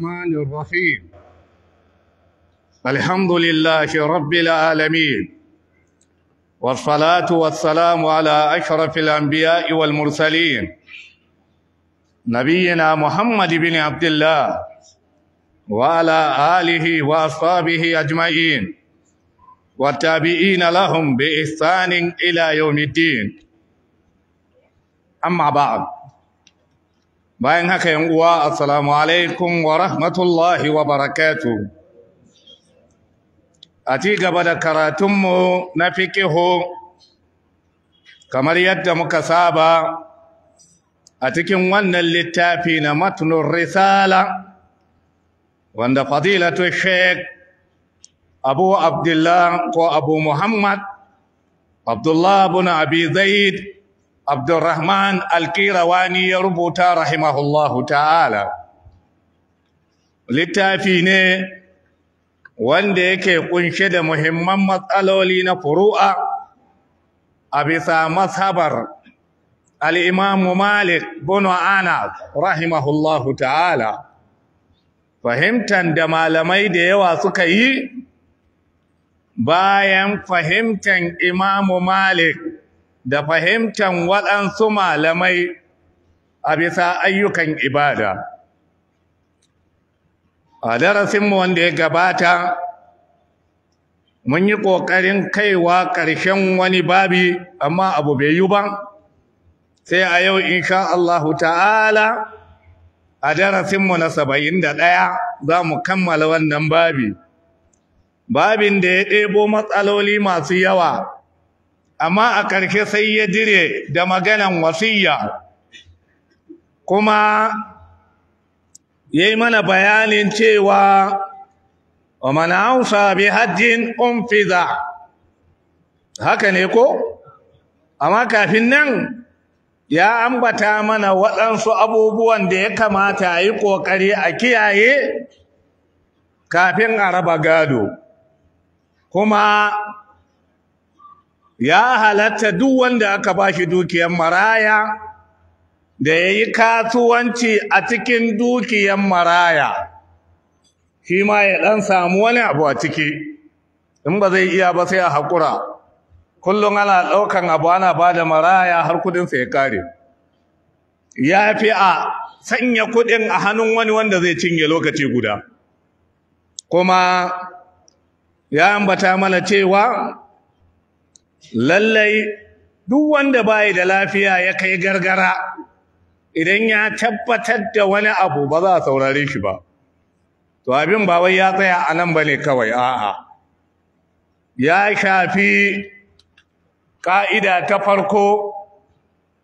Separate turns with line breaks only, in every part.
الرحمن الرحيم الحمد لله رب العالمين والصلاة والسلام على أشرف الأنبياء والمرسلين نبينا محمد بن عبد الله وعلى آله وأصحابه أجمعين والتابعين لهم بإحسان إلى يوم الدين أما بعد bayan haka yan uwa assalamu alaikum wa rahmatullahi wa barakatu a ci gaba da karatunmu na fikihu kamar yadda muka saba a cikin wannan littafi na matnun risala wanda fadilatu sheik abu abdullah ko abu muhammad abdullah bin abi zaid Abdurrahman Alkirawani ya rubuta rahimahullahu ta'ala littafi ne wanda yake kunshe da muhimman matsaloli na furu'a a bisa mazhabar al'imamu Malik bin Anas rahimahullahu ta'ala fahimtan da malamai da yawa suka yi bayan fahimtan imamu Malik da fahimtan waɗansu malamai a bisa ayyukan ibada a darasinmu wanda ya gabata mun yi ƙoƙarin kaiwa ƙarshen wani babi amma abu bai yi ba sai a yau insha Allahu ta'ala a darasinmu na saba'in da ɗaya za mu kammala wannan babi babin da ya ɗebo matsaloli masu yawa amma a ƙarshe sai ya jire da maganan wasiya kuma ya yi mana bayanin cewa wa mana hausa bi hajjin umfiza haka ne ko amma kafin nan ya ambata mana waɗansu abubuwan da ya kamata a yi ƙoƙari a kiyaye kafin a raba gado kuma ya halatta duk wanda aka bashi dukiyar maraya da yayi kasuwanci a cikin dukiyar maraya shi ma ya dan samu wani abu a ciki in ba zai iya ba sai a hakura kullum ana daukan abu ana bada maraya har kudin sa ya kare ya fi a sanya kudin a hannun wani wanda zai cinye lokaci guda kuma ya ambata mana cewa lallai duk wanda bai da lafiya ya kai gargara idan ya tabbatar da wani abu ba za a saurare shi ba to abin ba wai ya tsaya a nan ne kawai a'a ya shafi ƙa'ida ta farko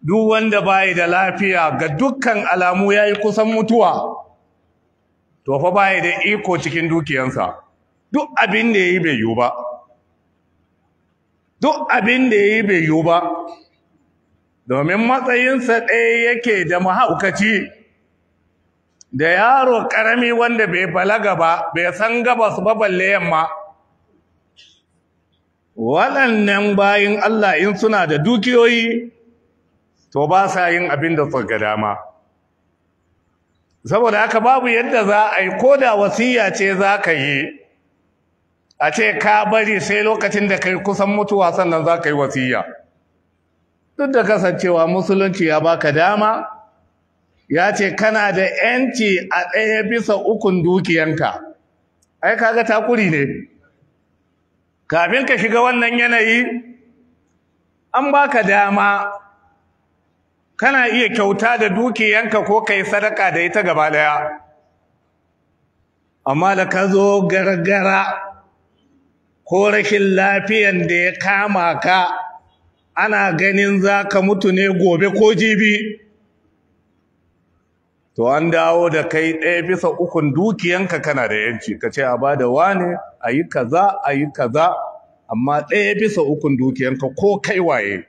duk wanda bai da lafiya ga dukkan alamu yayi kusan mutuwa to fa bai da iko cikin dukiyansa duk abin da yayi bai yiwu ba duk abin da yayi bai yiwu ba domin matsayinsa ɗaya yake da mahaukaci da yaro ƙarami wanda bai balaga ba bai san gabas ba balle yamma waɗannan bayin Allah in suna da dukiyoyi to ba sa yin abin da ga dama saboda haka babu yadda za a yi ko da wasiya ce za ka yi a ce ka bari sai lokacin da kai kusan mutuwa sannan za ka yi wasiya duk da kasancewa musulunci ya baka dama ya ce kana da yanci a ɗaya bisa ukun dukiyanka ai kaga takuri ne kafin ka shiga wannan yanayi an baka dama kana iya kyauta da dukiyanka ko ka yi sadaka da ita gaba daya amma da ka zo gargara ko rashin lafiyan da ya kama ka ana ganin za ka mutu ne gobe ko jibi to an dawo da kai ɗaya bisa ukun dukiyanka kana da yanci ka ce a ba da wane a yi kaza a yi kaza amma ɗaya bisa ukun dukiyanka ko kai waye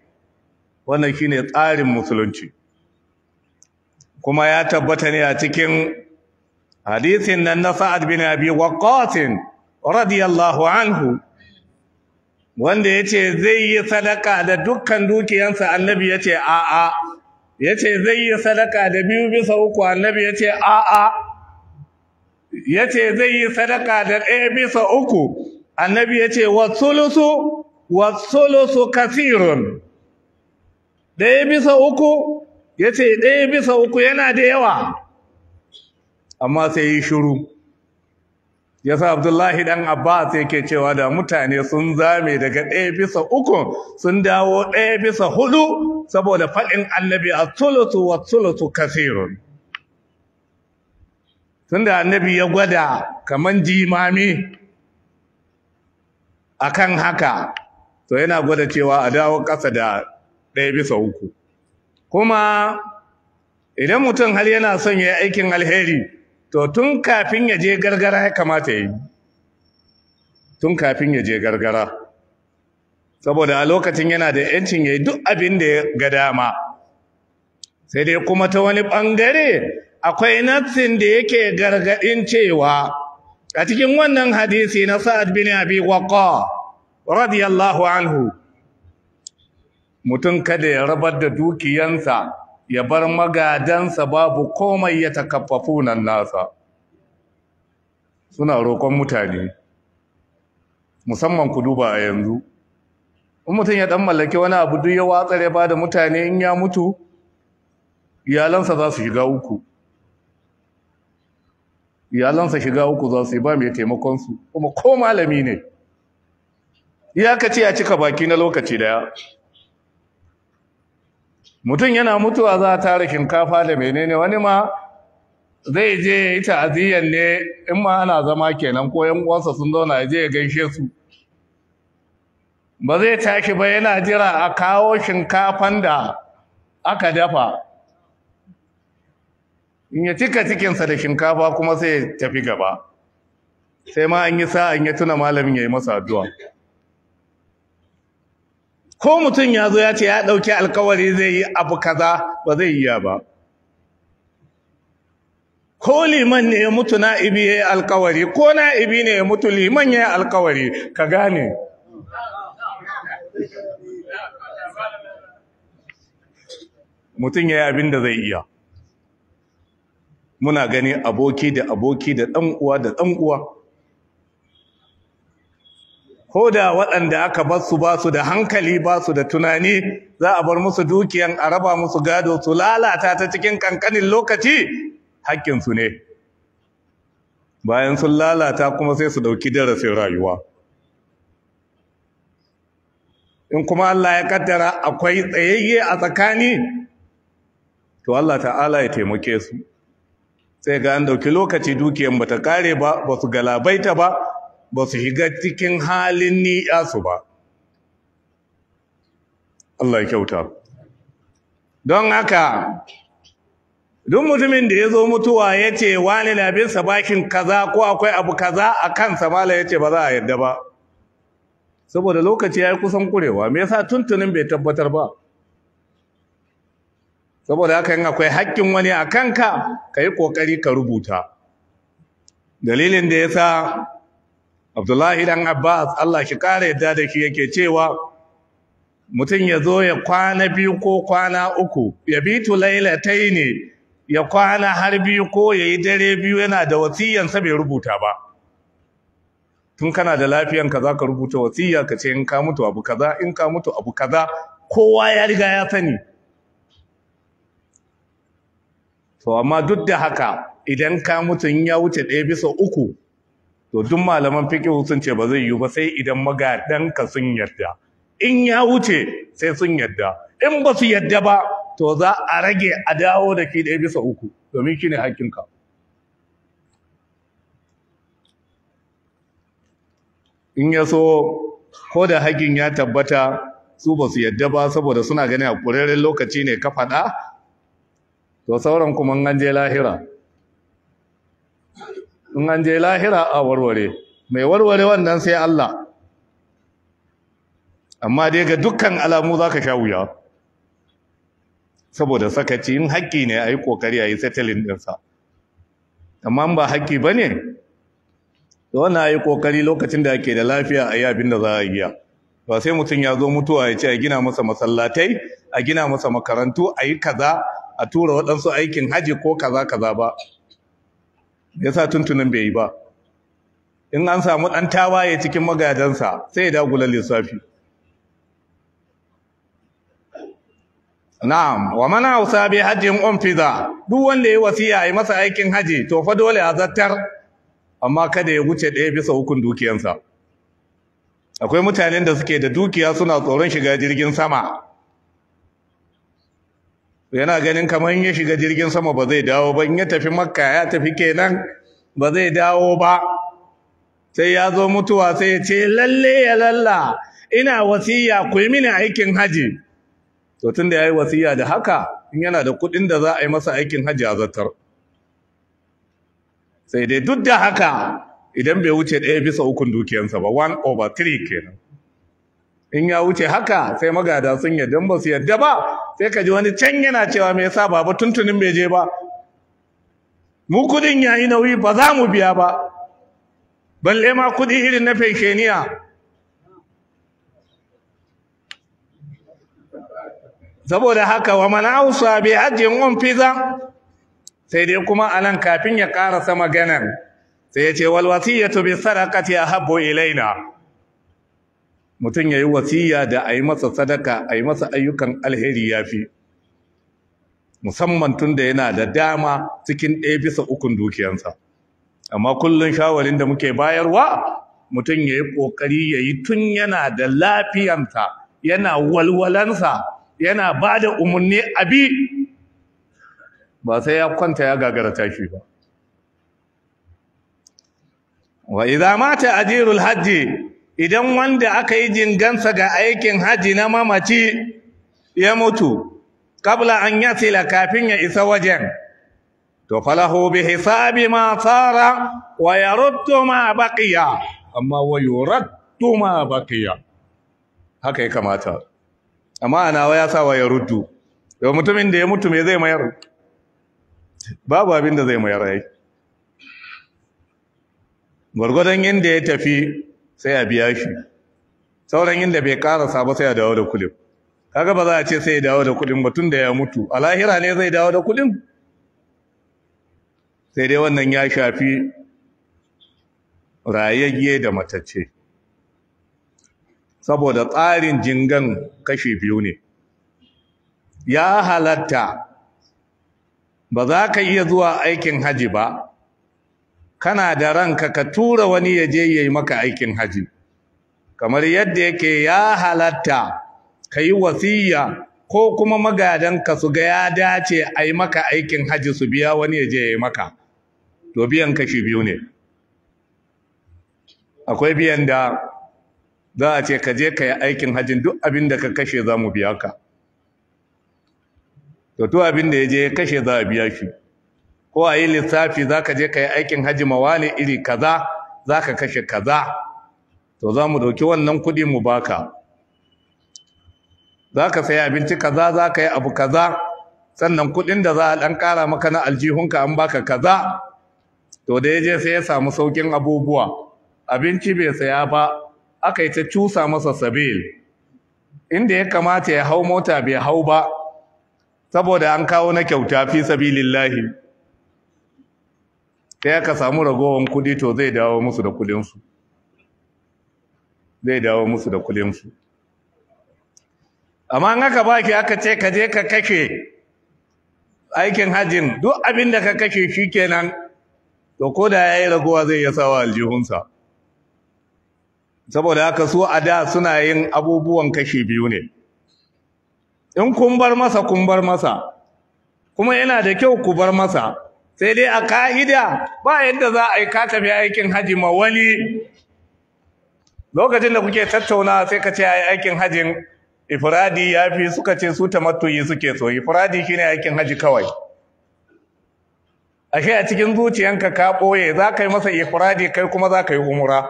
wannan shine tsarin musulunci kuma ya tabbata ne a cikin hadisin nan na sa'ad bin abi waqqas radiyallahu anhu wanda ya ce zai yi sadaka da dukkan dukiyansa annabi ya ce a'a ya ce zai yi sadaka da biyu bisa uku annabi ya ce a'a ya ce zai yi sadaka da ɗaya bisa uku annabi ya ce wasulusu wasulusu kasirun ɗaya bisa uku ya ce ɗaya bisa uku yana da yawa amma sai yi shuru yasa abdullahi dan abbas yake cewa da mutane sun zame daga ɗaya bisa uku sun dawo ɗaya bisa hudu saboda faɗin annabi a tsulutu wa tulutu kasirun tunda annabi ya gwada kamar jimami akan haka to yana gwada cewa a dawo ƙasa da ɗaya bisa uku kuma idan mutum har yana son ya yi aikin alheri to tun kafin ya je gargara ya kamata yi tun kafin ya je gargara saboda a lokacin yana da yancin ya yi duk abin da ya ga dama sai dai kuma ta wani ɓangare akwai nasin da yake gargaɗin cewa a cikin wannan hadisi na sa'ad bin abi waqqa radiyallahu anhu mutum kada ya rabar da dukiyansa ya bar magadansa babu komai ya takaffafu nan nasa suna roƙon mutane musamman ku duba a yanzu in mutum ya ɗan mallaki wani abu duk ya watsar ya bada mutane in ya mutu iyalansa za su shiga uku iyalansa shiga uku za su yi ba mai su, kuma ko malami ne ce ya cika baki na lokaci daya mutum yana mutuwa za a tara shinkafa da menene wani ma zai je ita aziyan ne in ma ana zama kenan ko yan uwansa sun zauna ya je ya gaishe su ba zai tashi ba yana jira a kawo shinkafan da aka dafa in ya cika cikinsa da shinkafa kuma sai tafi gaba sai ma an yi sa'an ya tuna malamin ya yi masa addu'a ko mutum ya zo ya ce ya ɗauki alkawari zai yi abu kaza ba zai yi ba ko liman ne ya mutu na'ibi ya yi alkawari ko na'ibi ne ya mutu liman ya yi alkawari ka gane mutum ya yi abin da zai iya muna gani aboki da aboki da ɗan'uwa da ɗan'uwa ko da waɗanda aka bar su ba da hankali basu da tunani za a bar musu dukiyan a raba musu gado su lalata ta cikin kankanin lokaci haƙƙinsu ne bayan sun lalata kuma sai su ɗauki darasin rayuwa in kuma Allah ya kaddara akwai tsayayye a tsakani to Allah ta'ala ya taimake su sai ga an dauki lokaci dukiyan bata kare ba ba su galabaita ba ba su higa cikin halin su ba Allah ya kyauta don haka duk mutumin da ya zo mutuwa ya ce wani labinsa bakin kaza ko akwai abu kaza a kansa mala ya ce ba za a yarda ba saboda lokaci ya yi kusan kurewa me yasa tuntunin bai tabbatar ba saboda haka yin akwai haƙƙin wani a kanka ka yi ƙoƙari ka rubuta dalilin da ya sa Abdullahi dan Abbas Allah shi kare yadda da shi yake cewa mutum ya zo ya kwana biyu ko kwana uku ya bitu lailatai ne ya kwana har biyu ko ya yi dare biyu yana da wasiyansa bai rubuta ba tun kana da ka za ka rubuta wasiya ka ce in ka mutu abu kaza in ka mutu abu kaza kowa ya riga ya sani to amma duk da haka idan ka mutu ya wuce ɗaya bisa uku to duk malaman fiqh sun ce ba zai yi ba sai idan magadanka sun yarda in ya wuce sai sun yarda in ba su yarda ba to za a rage a dawo da ki ɗaya bisa uku domin ne hakinka in ya so ko da hakkin ya tabbata su ba su yarda ba saboda suna ganin a lokaci ne ka faɗa to sauran kuma an je lahira in an je lahira a warware mai warware wannan sai Allah amma dai ga dukkan alamu za ka sha wuya saboda sakaci in haƙƙi ne a yi ƙoƙari a yi settling ɗinsa amma ba haƙƙi ba ne wani a yi ƙoƙari lokacin da ake da lafiya a yi abin da za a yi ba sai mutum ya zo mutuwa ya ce a gina masa masallatai a gina masa makarantu a yi kaza a tura waɗansu aikin haji ko kaza kaza ba yasa tuntunin bai yi ba in an samu ɗan tawaye cikin magajansa sai ya dagula lissafi na'am wa mana hausa bai hajjin umfiza duk wanda ya wasiya yi masa aikin hajji, to fa dole a zartar amma kada ya wuce ɗaya bisa hukun dukiyansa akwai mutanen da suke da dukiya suna tsoron shiga jirgin sama yana ganin kamar ya shiga jirgin sama ba zai dawo ba in ya tafi makka ya tafi kenan ba zai dawo ba sai ya zo mutuwa sai ya ce lalle ya lalla ina wasiya ku yi mini aikin haji to tun da ya yi wasiya da haka in yana da kuɗin da za a yi masa aikin haji a zartar sai dai duk da haka idan bai wuce ɗaya bisa ukun dukiyansa ba one over three kenan in ya wuce haka sai magada sun yadda ba su yadda ba sai ka ji wani can yana cewa me yasa baba tuntunin bai je ba mu kudin yayi nauyi ba za mu biya ba balle ma kudi irin na fekeniya saboda haka wa man ausa bi hajjin um fiza? sai dai kuma anan kafin ya karasa maganan sai ya ce wal wasiyatu bi sadaqati ahabbu ilaina mutum ya yi wasiya da a yi masa sadaka a yi masa ayyukan alheri ya fi musamman tun da yana da dama cikin ɗaya bisa ukun dukiyansa amma kullum shawarin da muke bayarwa mutum ya yi ƙoƙari ya yi tun yana da lafiyansa yana walwalansa yana ba da umarni abi ba sai ya kwanta ya gagara tashi ba wa idza mata ajirul hajji idan wanda aka yi jingansa ga aikin haji na mamaci ya mutu kabla an yasila kafin ya isa wajen to falahu bi hisabi ma sara wa yaruddu ma baqiya amma wa yuraddu ma baqiya haka ya kamata amma anawa ya sa wa yaruddu to mutumin da ya mutu me zai mayar babu abin da zai mayar ai gwargwadon yadda ya tafi sai a biya shi sauran inda bai karasa ba sai a dawo da kudin kaga ba za a ce sai ya dawo da kudin batun da ya mutu a lahira ne zai dawo da kudin sai dai wannan ya shafi rayayye da matacce saboda tsarin jingan kashi biyu ne ya halatta ba za ka iya zuwa aikin haji ba kana da ranka ka tura wani ya je yayi maka aikin haji kamar yadda yake ya halatta kai wasiya ko kuma magadanka su ga ya dace a yi maka aikin haji su biya wani ya je ya yi maka to biyan shi biyu ne akwai biyan da za a ce ka je ka yi aikin hajin duk abin da ka kashe za mu biya ka to abin da ya je ya kashe za a biya shi ko a yi lissafi za ka je ka yi aikin haji mawali iri kaza za ka kashe kaza to za mu dauki wannan kuɗi mu baka za ka sayi abinci kaza za ka yi abu kaza sannan kuɗin da za a ɗan ƙara maka na aljihunka an baka kaza to da ya je sai ya samu saukin abubuwa abinci bai saya ba aka yi ta cusa masa sabil inda ya kamata ya hau mota bai hau ba saboda an kawo na kyauta fi sabilillahi sai aka samu ragowar kudi to zai dawo musu da kudinsu zai dawo musu da kudinsu amma in aka baki aka ce ka je ka kashe aikin hajjin duk abin da ka kashe shi kenan to ko da ya yi ragowa zai iya sawa aljihunsa saboda haka su a da suna yin abubuwan kashe biyu ne in kun bar masa kun bar masa kuma yana da kyau ku bar masa sai dai a ka'ida ba yadda za a yi ka tafi aikin haji ma wani lokacin da kuke tattauna sai ka ce yi aikin hajin Ifiradi ya fi suka ce su tamattuyi suke so Ifiradi shi ne aikin haji kawai ashe a cikin zuciyanka ka ɓoye za ka yi masa Ifiradi kai kuma za ka yi umura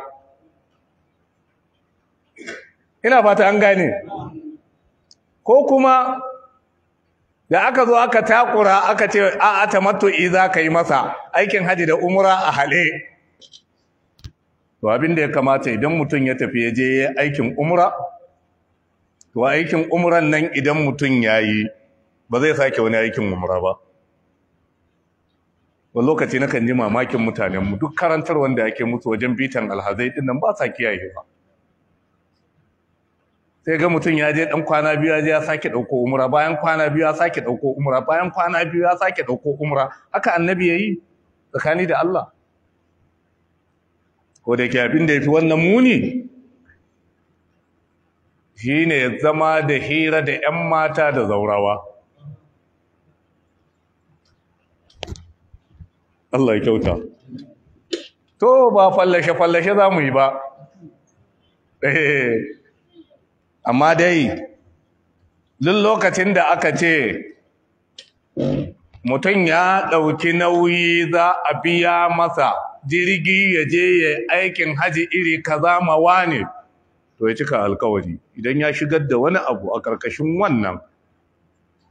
ina fata an gane ko kuma da aka zo aka takura aka ce a a tamattu'i za ka yi masa aikin haji da umra a hale to abin da ya kamata idan mutum ya tafi ya je aikin umra to aikin umran nan idan mutum ya yi ba zai sake wani aikin umra ba wa lokaci na kan ji mamakin mutanenmu duk karantar wanda ake mutu wajen bitan alhazai dinnan nan ba sa kiyaye ba sai ga mutum ya je dan kwana biyu ya je ya sake dauko umra bayan kwana biyu ya sake dauko umra bayan kwana biyu ya sake dauko umra haka annabi yayi tsakani da Allah ko da ke abin da yafi wannan muni ne ya zama da hira da 'yan mata da zaurawa Allah ya kyauta to ba fallashe fallashe za mu yi ba eh amma dai duk lokacin da aka ce mutum ya ɗauki nauyi za a biya masa jirgi ya je ya aikin haji iri kaza mawa ne to ya cika alkawari idan ya shigar da wani abu a ƙarƙashin wannan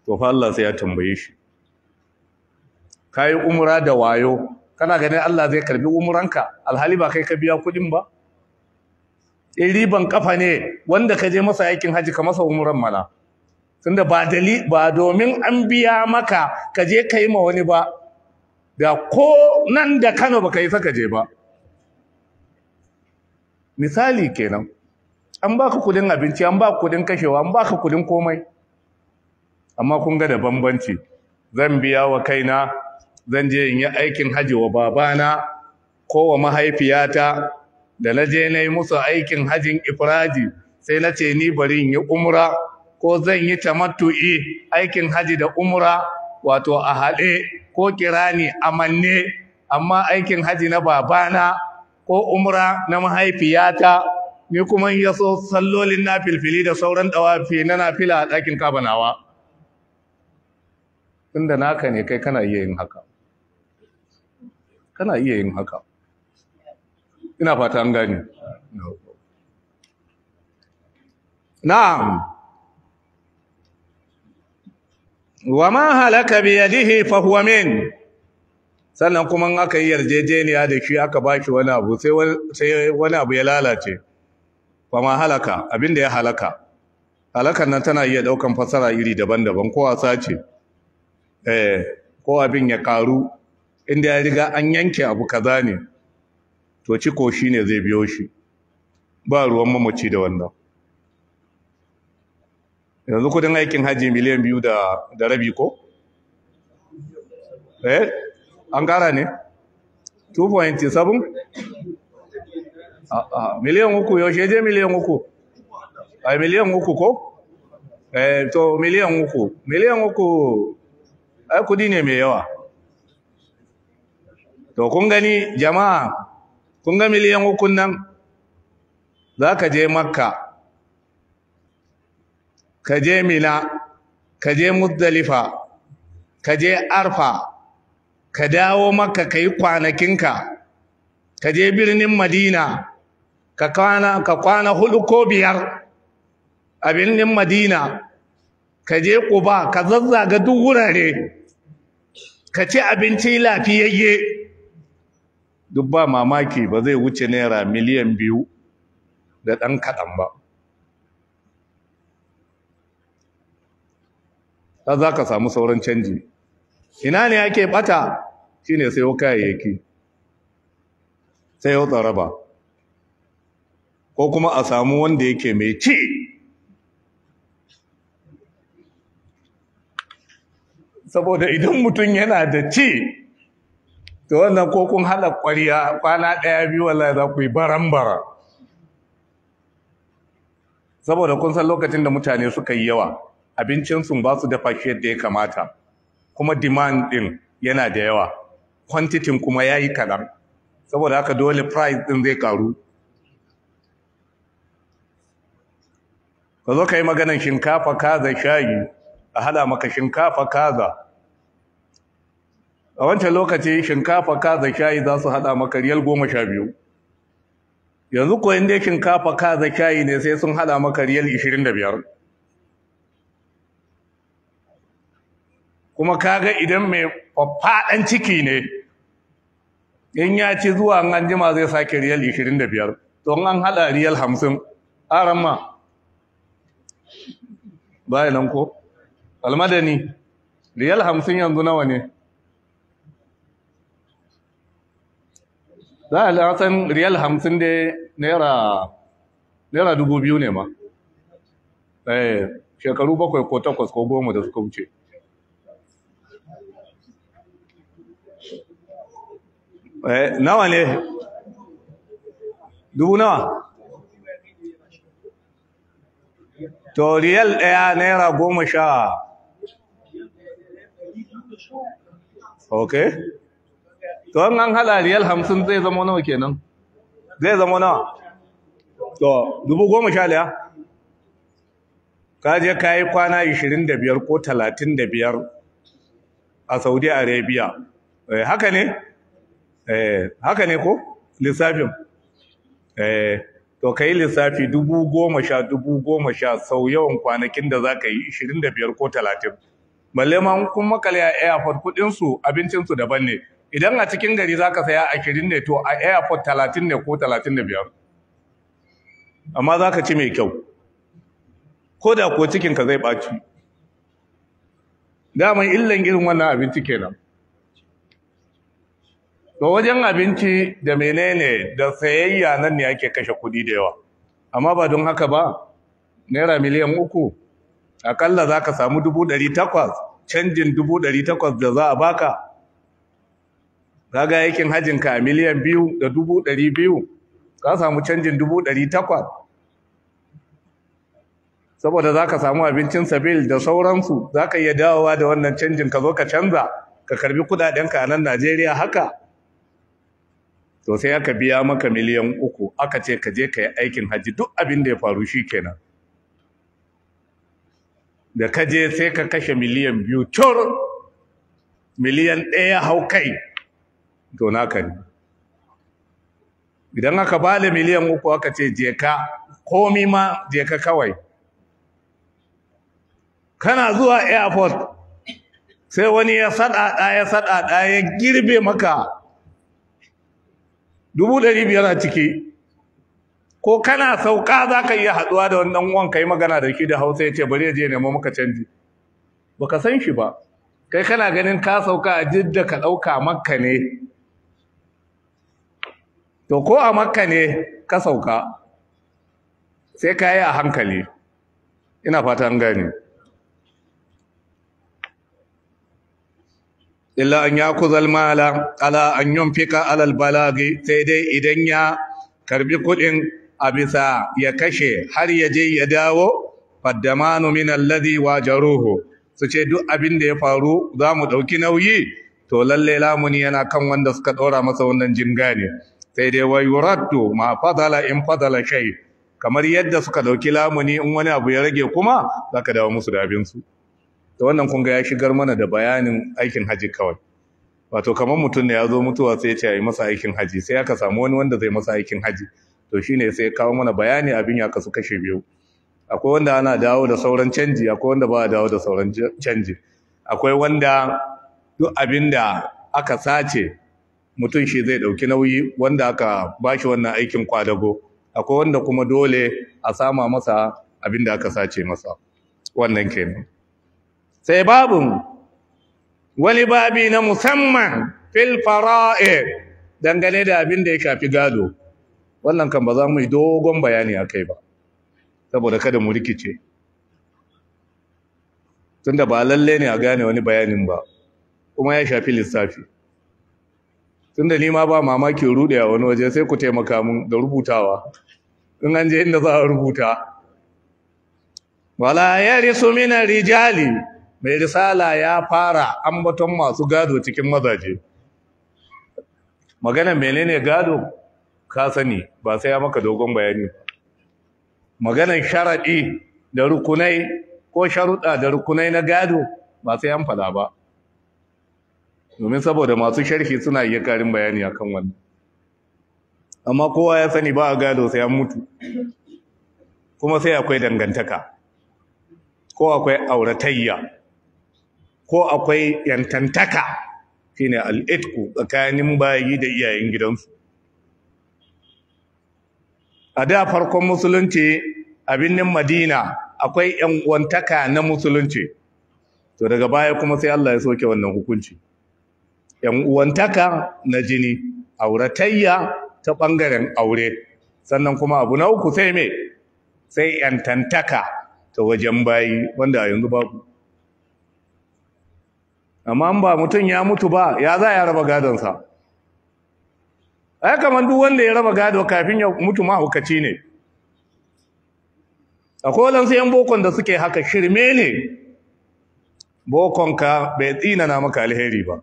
to fa Allah sai ya tambaye shi kayi umra da wayo kana ganin Allah zai karbi umuranka alhali ba kai ka biya kuɗin ba in eh, riban kafa ne wanda ka je masa aikin haji ka masa umuran mana tunda ba dali ba domin an biya maka ka je kai ma wani ba da ko nan da Kano baka yi saka je ba misali kenan an baka kudin abinci an baka kudin kashewa an baka kudin komai amma kun ga da bambanci zan biya wa kaina zan je in yi aikin haji wa babana ko wa mahaifiyata da na je na yi musu aikin hajjin ifradi sai na ce ni bari in yi umra ko zan yi ta matu'i, aikin haji da umra wato a haɗe ko kirani a manne amma aikin haji na babana ko umra na mahaifiyata ni kuma in yaso sallolin na filfili da sauran ɗawafi na nafila a ɗakin kabanawa tunda naka ne kai kana iya yin haka kana iya yin haka ina fata an gani na'am wa ma halaka bi yadihi fa huwa min sannan kuma in aka yi yarjejeniya da shi aka baki wani abu sai wani abu ya lalace Wa ma halaka abinda ya halaka halakan nan tana iya ɗaukan fasara iri daban-daban ko a sace, eh ko abin ya karu inda ya riga an yanke abu kaza ne to ciko shi ne zai biyo shi ba ruwan mamaci da wannan yanzu kudin aikin hajji miliyan biyu da rabi ko? eh an kara ne? 2.7? Ah, ah, miliyan uku yaushe je miliyan uku a miliyan uku ko? eh to miliyan uku miliyan uku ai kudi ne mai yawa to kun gani jama'a kun ga miliyan ukun nan za ka je makka ka je mina ka je muddalifa ka je arfa ka dawo makka ka yi kwanakinka ka je birnin madina ka kwana ka kwana hudu ko biyar a birnin madina ka je ƙuba ka zazzaga duk wurare ka ci abinci lafiyayye duk ba mamaki ba zai wuce naira miliyan biyu da ɗan kaɗan ba ta za ka samu sauran canji ina ne ake ɓata shi ne sai kayayyaki sayo ba ko kuma a samu wanda yake mai ci saboda idan mutum yana da ci to wannan ko kun haɗa ƙwariya kwana ɗaya biyu wallahi za ku yi barambara saboda kun san lokacin da mutane suka yi yawa abincinsu ba su dafa shi yadda ya kamata kuma demand ɗin yana da yawa kwantitin kuma ya yi kaɗan saboda haka dole price ɗin zai karu ka zo ka yi maganar shinkafa kaza shayi a hada maka shinkafa kaza a wancan lokaci shinkafa ka da shayi za su haɗa maka riyal goma sha biyu yanzu ko inda shinkafa ka da shayi ne sai sun haɗa maka riyal ishirin da biyar kuma kaga idan mai faɗan ciki ne in ya ci zuwa an jima zai sake riyal ishirin da biyar don an haɗa riyal hamsin aran ma bayanan ko almadani riyal hamsin yanzu nawa ne za a san riyal hamsin da naira dubu biyu ne ma eh, shekaru bakwai ko takwas ko goma da suka wuce eh, nawa ne dubu nawa to riyal ɗaya naira goma sha ok to an an hada riyal hamsin zai zama nawa kenan zai zama nawa to dubu goma sha daya ka je ka yi kwana ishirin da biyar ko talatin da biyar a saudi arabia eh, haka ne eh, haka ne ko lissafin eh, to ka yi lissafi dubu goma sha dubu goma sha sau yawan kwanakin da za ka yi ishirin da biyar ko talatin balle ma kun makale a airport kudinsu abincinsu daban ne idan a cikin gari za ka saya a ashirin ne to a airport talatin ne ko talatin da biyar amma za ka ci mai kyau ko da ko cikinka zai ɓaci daman illan irin wannan abinci kenan to wajen abinci da menene da sayayya nan ne ake kashe kuɗi da yawa amma ba don haka ba naira miliyan uku akalla za ka samu dubu ɗari takwas canjin dubu ɗari takwas da za a baka kaga aikin hajin ka miliyan biyu da dubu ɗari biyu ka samu canjin dubu ɗari takwas saboda za ka samu abincin sabil da sauransu za ka iya dawowa da wannan canjin ka zo ka canza ka karbi kudadenka a nan najeriya haka to sai aka biya maka miliyan uku aka ce ka je ka yi aikin hajji duk abin da ya faru shi kenan da ka je sai ka kashe miliyan biyu cur miliyan ɗaya hau kai to naka ne idan aka bada miliyan uku aka ce je ka komi ma je ka kawai kana zuwa airport sai wani ya sada ya sada ya girbe maka dubu ɗari biyar a ciki ko kana sauka za ka iya haɗuwa da wannan uwan ka yi magana da ki da hausa ya ce bari ya je nemo maka canji ba ka san shi ba kai kana ganin ka sauka a jidda ka ɗauka makka ne to ko a makka ne ka sauka sai ka yi a hankali ina fata an gani illa an ya ku zalma ala an yi yunfika alal balagi sai dai idan ya karbi kudin a bisa ya kashe har ya je ya dawo faddamanu min alladhi jaruhu su ce duk abin da ya faru za mu ɗauki nauyi to lallai lamuni yana kan wanda suka ɗora masa wannan jinga ne sai dai wa yuraddu ma fadala in fadala shay kamar yadda suka dauki lamuni in wani abu ya rage kuma zaka dawo musu da abin su to wannan kun ya shigar mana da bayanin aikin haji kawai wato kamar mutum ne ya zo mutuwa sai ya ce a yi masa aikin haji sai aka samu wani wanda zai masa aikin haji to shine sai ya kawo mana bayani abin ya kasu kashe biyu akwai wanda ana dawo da sauran canji akwai wanda ba a dawo da sauran canji akwai wanda duk abin da aka sace mutum shi zai ɗauki nauyi wanda aka ba shi wannan aikin kwadago akwai wanda kuma dole a sama masa abin da aka sace masa wannan kenan sai babin wani babi na musamman fil fara'i dangane da abin da ya shafi gado wannan kan ba za mu yi dogon bayani a kai ba saboda kada mu rikice tunda ba lalle ne a gane wani bayanin ba kuma ya shafi lissafi tun da ma ba mamaki rude a wani waje sai ku taimaka mun da rubutawa in an je inda za a rubuta wala yarisu min rijali mai risala ya fara ambaton masu gado cikin mazaje magana menene gado ka sani ba sai ya maka dogon bayani magana sharadi da rukunai ko sharuɗa da rukunai na gado ba sai an fada ba domin saboda masu sharhi suna iya karin bayani akan wannan amma kowa ya sani ba a gado sai an mutu kuma sai akwai dangantaka ko akwai auratayya ko akwai yantantaka shine al'itku tsakanin bayi da iyayen gidansu a da farkon musulunci a birnin madina akwai 'yan uwantaka na musulunci to daga baya kuma sai Allah ya soke wannan hukunci yan uwantaka na jini auratayya ta bangaren aure sannan kuma abu na uku sai me sai yantantaka ta wajen bayi wanda a yanzu babu amma ba mutum ya mutu ba ya za ya raba gadonsa ai kamar duk wanda ya raba gado kafin ya mutu mahaukaci ne akwai waɗansu yan bokon da suke haka shirme ne bokonka bai tsina na maka alheri ba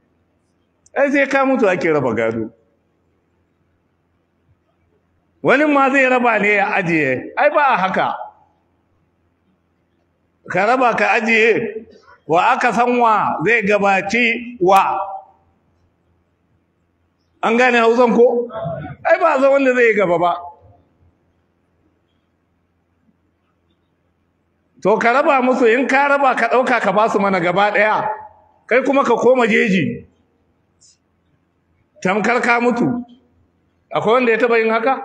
ai sai ka mutu ake raba gado wani ma zai raba ne ya ajiye ai ba a haka ka raba ka ajiye wa aka san wa zai gabaci wa an gane hausan ko ai ba zai wanda zai gaba ba to ka raba musu in ka raba ka ɗauka ka ba su mana gaba ɗaya kai kuma ka koma jeji tamkar ka mutu akwai wanda ya taba yin haka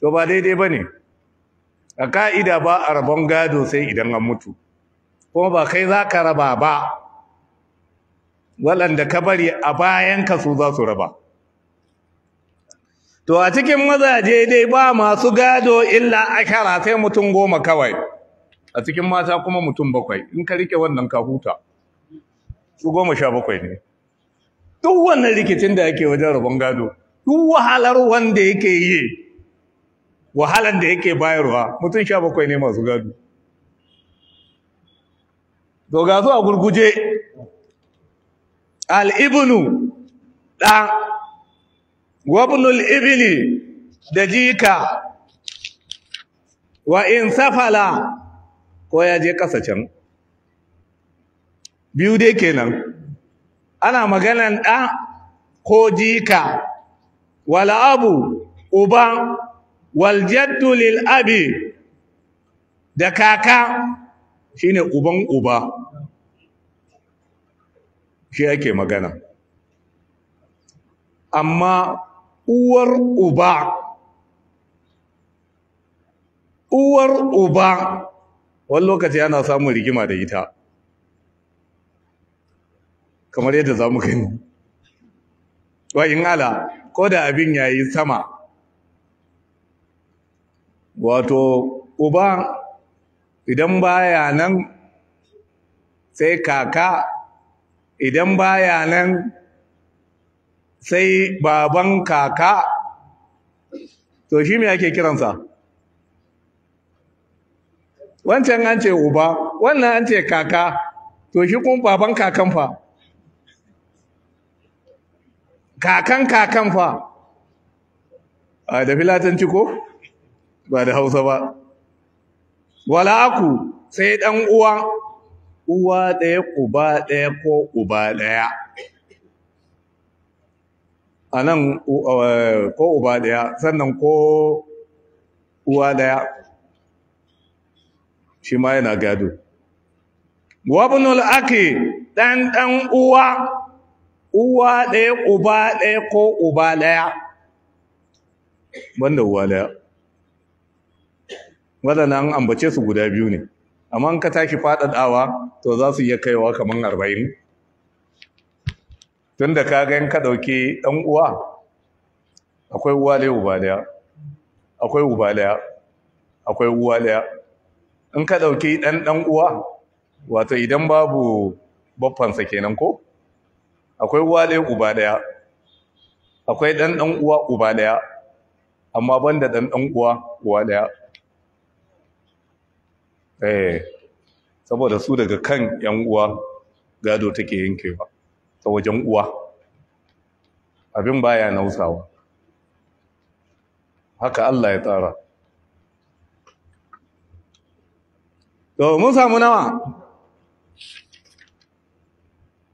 to ba daidai ba a ka'ida ba a rabon gado sai idan an mutu kuma ba kai za ka raba ba waɗanda ka bari a bayan ka su za su raba to a cikin mazaje dai ba masu gado illa ashara sai mutum goma kawai a cikin mata kuma mutum bakwai in ka rike wannan ka huta su goma sha bakwai ne duk wannan rikicin da yake wajen rabon gado duk wahalar wanda yake yi wahalar da yake bayarwa mutum sha bakwai ne masu gado to ga a gurguje al'ibinu ɗa wabnul ibini da jika wa in safala ko ya je biyu dai kenan ana maganan ɗa ko jika wala abu uba wal jaddu lil abi da kaka shine uban uba shi yake magana amma uwar uba uwar uba wani lokaci ana samun rigima da ita kamar yadda za mu gani wa in ala ko da abin ya yi sama wato uba idan baya nan sai kaka idan baya nan sai baban kaka to shi me ake kiransa wancan an ce uba wannan an ce kaka to shi kun baban kakan fa kakan kakan fa a da filatanci ko ba da hausa ba wala aku sai dan uwa uwa ɗaya uba ɗaya ko uba ɗaya a nan ko uba ɗaya sannan ko uwa ɗaya shi ma yana gado wabnul aki dan ɗan uwa uwa ɗaya uba ɗaya ko uba ɗaya banda uwa ɗaya waɗannan ambace su guda biyu ne amma ka tashi faɗaɗawa to za su iya kaiwa kamar arba'in tun da kaga in ka ɗauki ɗan uwa akwai uwa ɗaya uba ɗaya akwai uba ɗaya akwai uwa ɗaya in ka ɗauki ɗan ɗan uwa wato idan babu baffansa kenan ko akwai uwa ɗaya uba ɗaya akwai ɗan ɗan uwa uba ɗaya amma ban da ɗan uwa uwa ɗaya eh saboda su daga kan ‘yan uwa gado take yankewa ta wajen uwa abin baya nausawa haka Allah ya tsara to mun samu nawa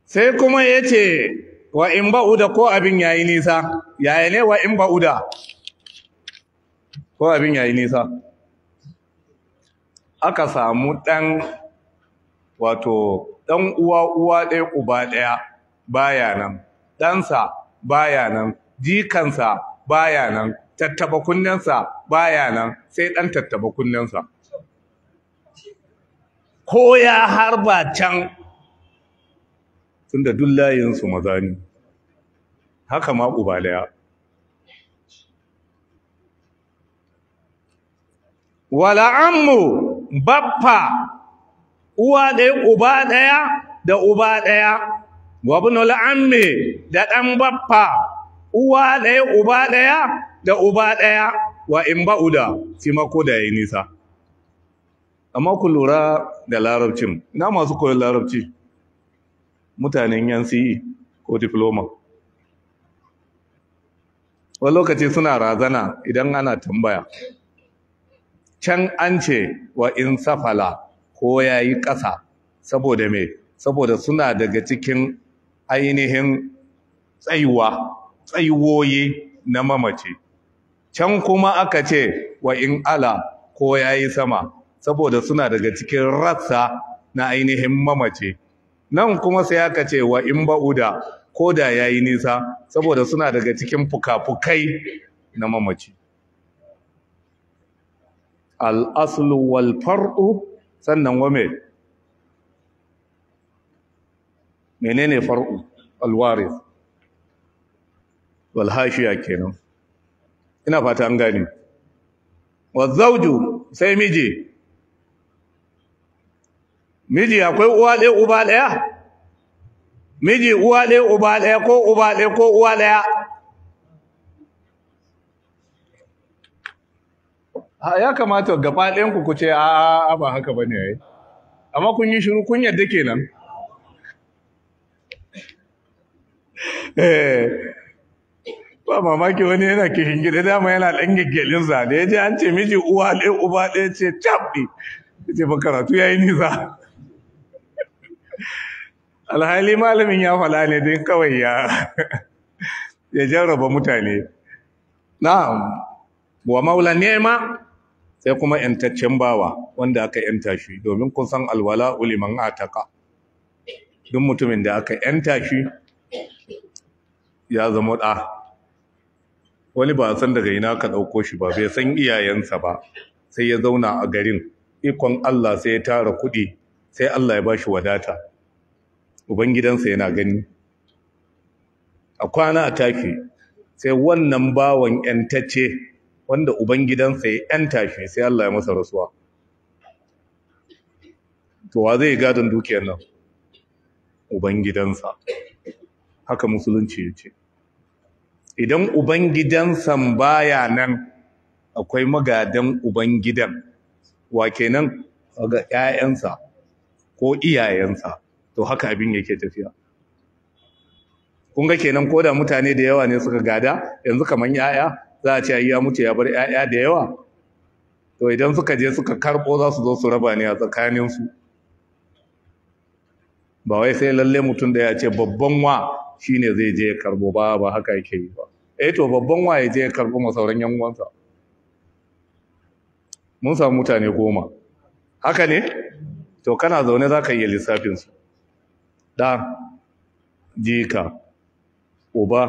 sai kuma ya ce wa in ba'uda ko abin yayi nisa yaya ne wa in ba'uda ko abin yayi nisa aka samu ɗan wato ɗan uwa uwa ɗaya uba ɗaya baya nan ɗansa baya nan jikansa baya nan tattaba kunnensa baya nan sai ɗan tattaba kunnensa ko ya harba can da duk layinsu maza ne haka ma uba wala ammu baffa uwa ɗaya uba ɗaya da uba ɗaya na da ɗan baffa uwa ɗaya uba ɗaya da uba ɗaya wa in ba'uda shi mako da yayi nisa amma ku lura da larabcin na masu koyon larabci mutanen yan CE ko diploma wani lokaci suna razana idan ana tambaya can an ce wa in safala ko ya yi ƙasa saboda me saboda suna daga cikin ainihin tsayuwa tsayuwoyi na mamaci can kuma aka ce wa in ala ko ya yi sama saboda suna daga cikin rassa na ainihin mamace nan kuma sai aka ce wa in ba'uda ko da ya yi nisa saboda suna daga cikin fuka-fukai na mamaci al'aslu wal far'u sannan wame menene far'u alware wal hashiya kenan ina fata an gani wa zauju sai miji miji akwai uwa ɗaya uba ɗaya miji uwa ɗaya uba ɗaya ko uba ɗaya ko uwa ɗaya ya kamata gaba ɗayanku ku ce a ba haka ba ne ya yi amma kun yi shiru kun yadda Ee, eh, ba mamaki wani yana kishin gida dama yana ɗan gaggelin zane ya ce an ce miji uwa ɗaya uba ɗaya ce cabɗi ya ce ba karatu ya yi niza. alhali malamin ya fala ne dai kawai ya ya jarraba mutane na'am wa maula nema sai kuma yantaccen bawa wanda aka yanta shi domin kun san alwala uliman ataka duk mutumin da aka yanta shi ya zama da wani ba san daga ina ka dauko shi ba bai san iyayensa ba sai ya zauna a garin ikon Allah sai ya tara kuɗi sai Allah ya bashi wadata ubangidansa yana gani a kwana a tafi sai wannan bawan ‘yantacce wanda ubangidansa ya ‘yanta shi sai Allah ya masa rasuwa to wa zai gadon dukiyar nan ubangidansa haka musulunci ya ce idan ubangidansa baya nan akwai magadan ubangidan wa kenan ga ‘ya'yansa ko iyayensa to haka abin yake tafiya kun ga kenan ko da mutane da yawa ne suka gada yanzu kaman yaya za a ce ya mutu ya bar yaya da yawa to idan suka je suka karbo za su zo su raba ne a tsakanin su ba wai sai lalle mutum da ya ce babban wa shine zai je ya karbo ba ba haka yake yi ba eh to babban wa ya je ya karbo ma yan uwansa mun samu mutane goma haka ne to kana zaune za ka iya lissafinsu ɗa jika uba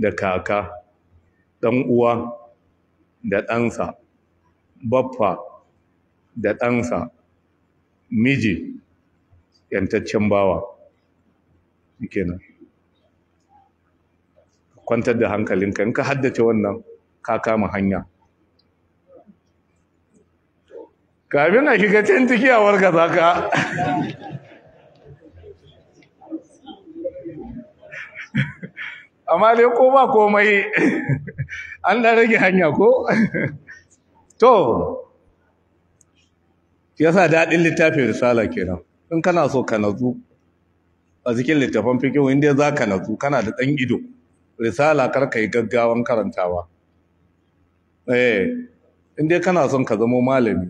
da kaka ɗan uwa da ɗansa baffa da ɗansa miji yantaccen bawa kenan kwantar da hankalinka in ka haddace wannan ka kama hanya kafin a shiga can tikiyawar ka zaka amma dai ko ba komai an da rage hanya ko to yasa daɗin littafin risala kenan in kana so ka nazu a cikin littafin fikihu inda za ka nazu kana da ɗan ido risala kar ka yi gaggawan karantawa eh inda kana son ka zamo malami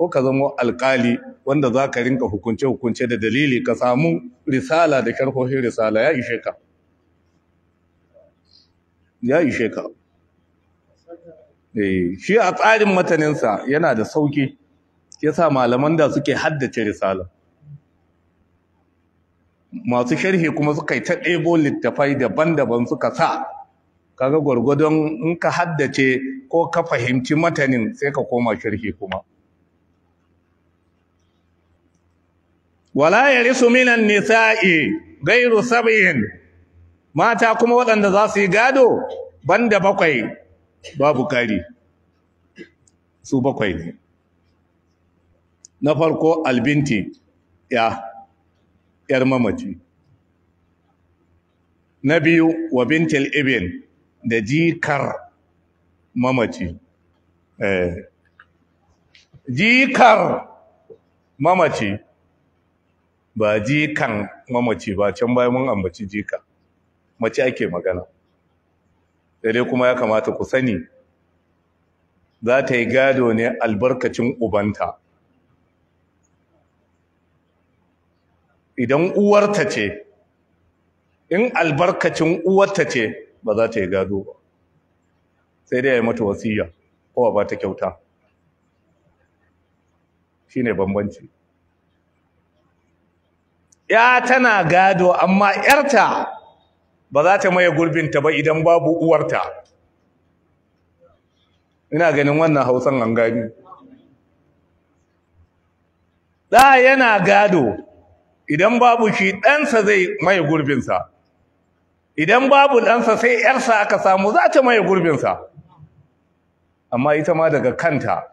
ko ka zamo alkali wanda za ka rinka hukunce-hukunce da dalili ka samu risala da karfofin risala ya ishe ka ya ishe ka eh, shi a tsarin mataninsa yana da sauki sa malaman da suke haddace risala masu sharhi kuma suka yi ta ɗebo littafai daban-daban suka sa kaga gwargwadon in ka haddace ko ka fahimci matanin sai ka koma sharhi kuma wala ya risu minan nisa'i gairu sab'in mata kuma waɗanda za su yi gado banda bakwai babu kari su bakwai ne na farko albinti ya ƴar mamaci na biyu wa bintil ibin da jikar mamaci eh. jikar mamaci ba jikan mamaci ba can bayan mun ambaci jika mace ake magana sai kuma ya kamata ku sani za ta yi gado ne albarkacin ubanta idan uwarta ce in albarkacin uwarta ce ba za ta yi gado ba sai dai ya yi mata wasiya kowa ba ta kyauta shi ne bambanci ya tana gado amma 'yarta ba za ta maye gurbinta ba idan babu uwarta ina ganin wannan hausan an gani da yana gado idan babu shi ɗansa zai maye gurbinsa idan babu ɗansa sai ‘yarsa aka samu za ta maye gurbinsa amma ita ma daga kanta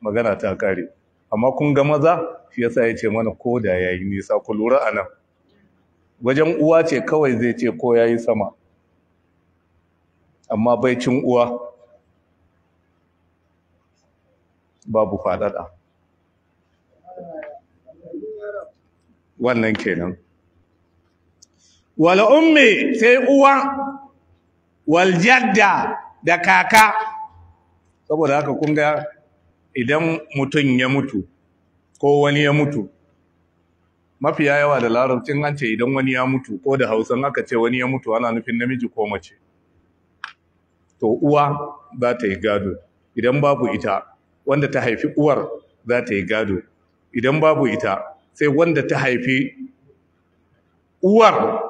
magana ta kare amma kun ga maza shi yasa ya ce mana ko da ya yi nisa ku lura a nan wajen uwa ce kawai zai ce ko ya yi sama amma baicin uwa babu faɗaɗa wannan kenan wal ummi sai uwa wal jadda da kaka saboda haka kunga idan mutum ya mutu ko wani ya mutu mafiya yawa da larabcin an ce idan wani ya mutu ko da hausan aka ce wani ya mutu ana nufin namiji ko mace to uwa za ta yi gado idan babu ita wanda ta haifi uwar za ta yi gado idan babu ita sai wanda ta haifi uwar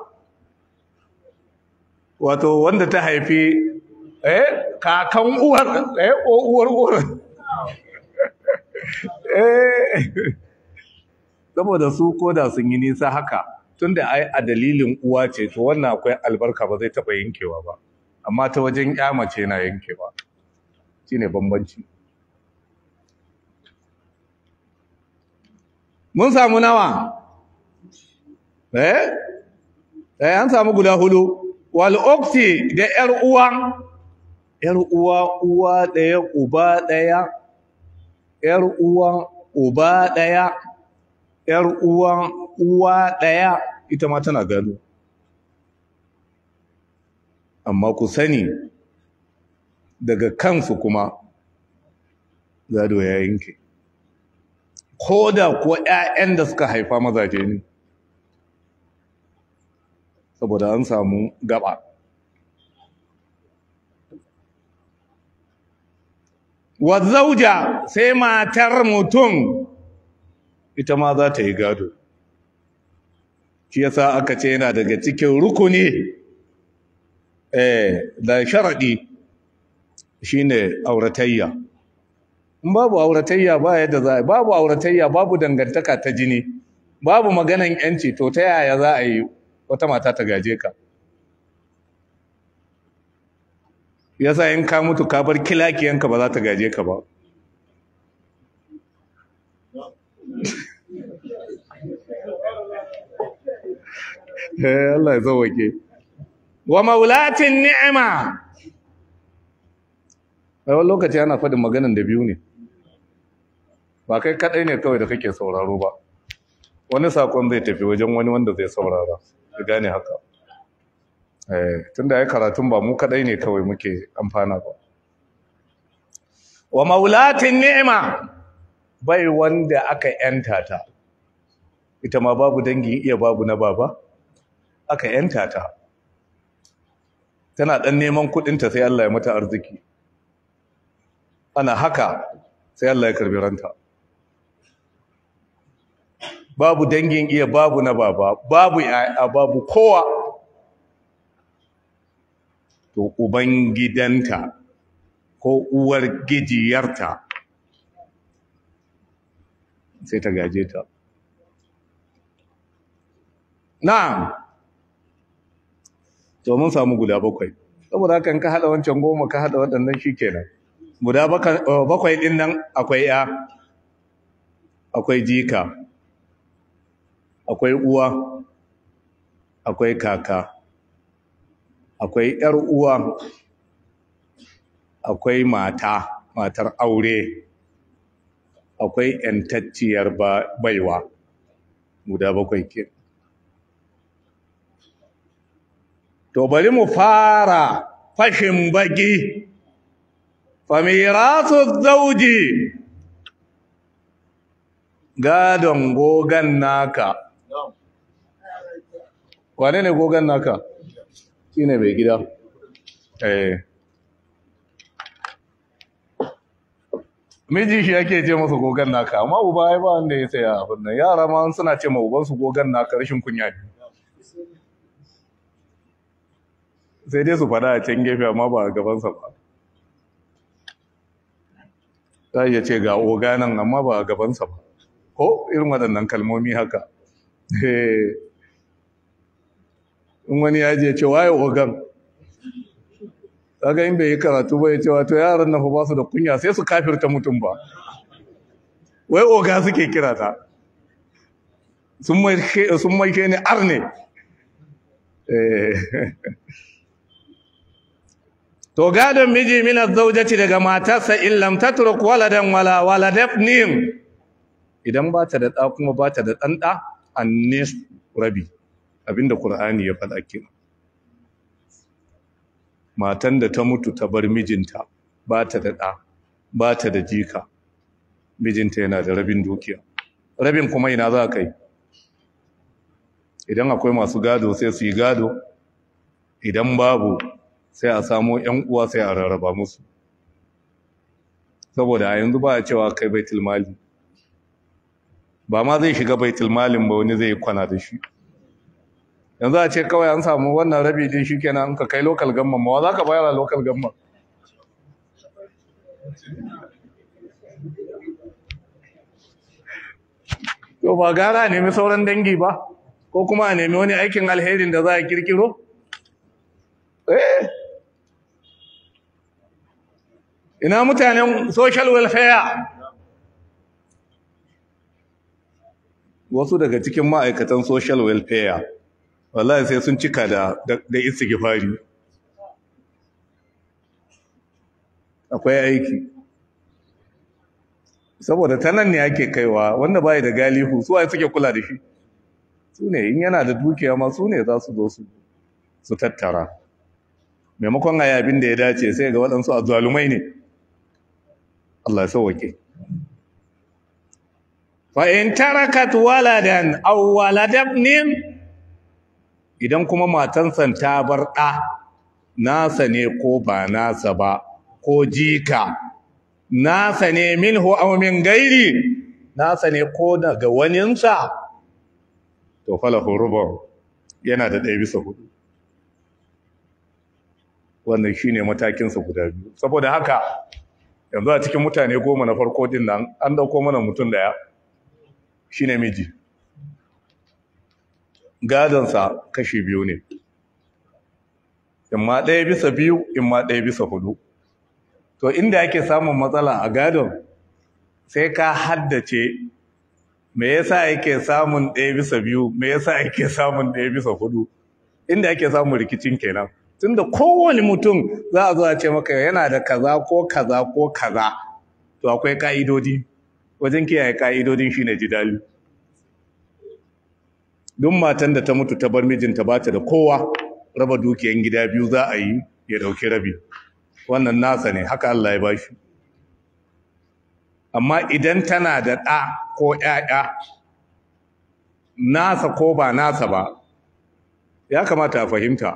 wato wanda ta haifi eh kakan uwar eh uwar uwar eh saboda su ko da sun yi nisa haka tunda ai a dalilin uwa ce to wannan akwai albarka ba zai taɓa yankewa ba amma ta wajen ya mace na yankewa ne bambanci mun samu nawa eh, eh an samu guda hudu wal ukti da yar uwa yar uwa uwa daya uba daya yar uwa uba daya ‘yar uwan uwa ɗaya ita ma tana gado. Amma ku sani daga kansu kuma gado ya yanke. Ko da ko ‘ya'yan da suka haifa mazaje ne, saboda an samu gaba. Wa zauja sai matar mutum ita ma za ta yi gado shi ya sa aka ce yana daga cikin rukuni eh, da sharaɗi shine auratayya babu auratayya ba yadda za a yi babu auratayya babu dangantaka ta jini babu maganan yanci to ta yaya za a yi wata mata ta gaje ka yasa in ka mutu ka bar kilakiyanka ba za ta gaje ka ba Eh, Allah ya sauke wa maulatin ni'ima a wani lokaci ana faɗin maganan da biyu ne ba kai kaɗai ne kawai da kake sauraro ba wani sakon zai tafi wajen wani wanda zai saurara ya gane haka eh, tun da ya karatun ba mu kaɗai ne kawai muke amfana ba wa maulatin ni'ima bai wanda aka ‘yanta ta, ita ma babu dangin iya babu na baba, aka ‘yanta ta. Tana ɗan neman kuɗinta sai Allah ya mata arziki. Ana haka sai Allah ya karbi ranta. Babu dangin iya babu na baba, babu a babu kowa. To, gidanta, ko uwar gijiyarta. sai ta gaje ta Na. to mun samu guda bakwai saboda kan ka hada wancan goma ka hada waɗannan shikenan guda eh, bakwai din nan akwai ya akwai jika akwai uwa akwai kaka akwai ‘yar uwa akwai mata matar aure akwai ‘yantacciyar baiwa guda bakwai ke. To bari mu fara fashin baki, su zauji gadon gogan naka. Wane ne gogan naka? Shi ne mai gida. Eh. miji shi yake ce masa gogan naka amma uba ya ba wanda ya saya abin nan yara ma suna ce ma su gogan naka rashin kunya ne sai dai su fada a can gefe amma ba a gabansa ba za iya ce ga oganan amma ba a gabansa ba ko irin waɗannan kalmomi haka eh. in wani ya je ce waye ogan kaga in bai yi karatu ba ya ce wato yaran nan ba su da kunya sai su kafirta mutum ba wai oga suke kira ta sun mai ni arne eh. to gadon miji mina zaujaci daga matarsa in lam tatruk waladan wala waladabnim idan ba ta da ɗa kuma ba ta da ɗanɗa annis rabi abinda ƙur'ani ya faɗa kenan matan da ta mutu ta bar mijinta ba ta da ɗa ba ta da jika mijinta yana da rabin dukiya rabin kuma ina za ka yi idan akwai masu gado sai su yi gado idan babu sai a samo 'yan uwa sai a rarraba musu saboda a yanzu ba a cewa kai baitul mali ba ma zai shiga baitul malin ba wani zai kwana da shi yanzu a ce kawai an samu wannan rabi din shi kenan ka kai lokal gamman ma za ka bayar a lokal gamman Yau ba gara a nemi sauran dangi ba ko kuma a nemi wani aikin alherin da za a kirkiro eh. ina mutanen social welfare wasu daga cikin ma'aikatan social welfare wallahi sai sun cika da da istighfari akwai aiki saboda ta ne ake kaiwa wanda bai da galihu su ai suke kula da shi su ne in yana da dukiya ma su ne za su zo su tattara maimakon a abin da ya dace sai ga waɗansu a zalumai ne Allah ya sauwake in tarakat waladan aw waladabnin idan kuma matansa ta bar ɗa nasa ne ko ba nasa ba ko jika nasa ne min aw gairi nasa ne ko daga waninsa to falahu yana da ɗaya bisa hudu wannan ne matakinsa guda biyu saboda haka yanzu a cikin mutane goma na farko din nan an ɗauko mana mutum daya ne miji gadonsa kashi biyu ne imma ɗaya bisa biyu imma ɗaya bisa hudu to inda ake samun matsala a gadon sai ka haddace me yasa yake samun ɗaya bisa biyu me yasa yake samun ɗaya bisa hudu inda ake samun rikicin kenan tunda kowane mutum za a zo a ce maka yana da kaza ko kaza ko kaza to akwai ka'idodi wajen kiyaye ka'idodin ji jidali duk matan da ta mutu ta bar mijinta ba ta da kowa raba dukiyan gida biyu za a yi ya dauki rabi wannan nasa ne haka Allah ya bashi amma idan tana da ɗa ko ƴaƴa nasa ko ba nasa ba ya kamata a fahimta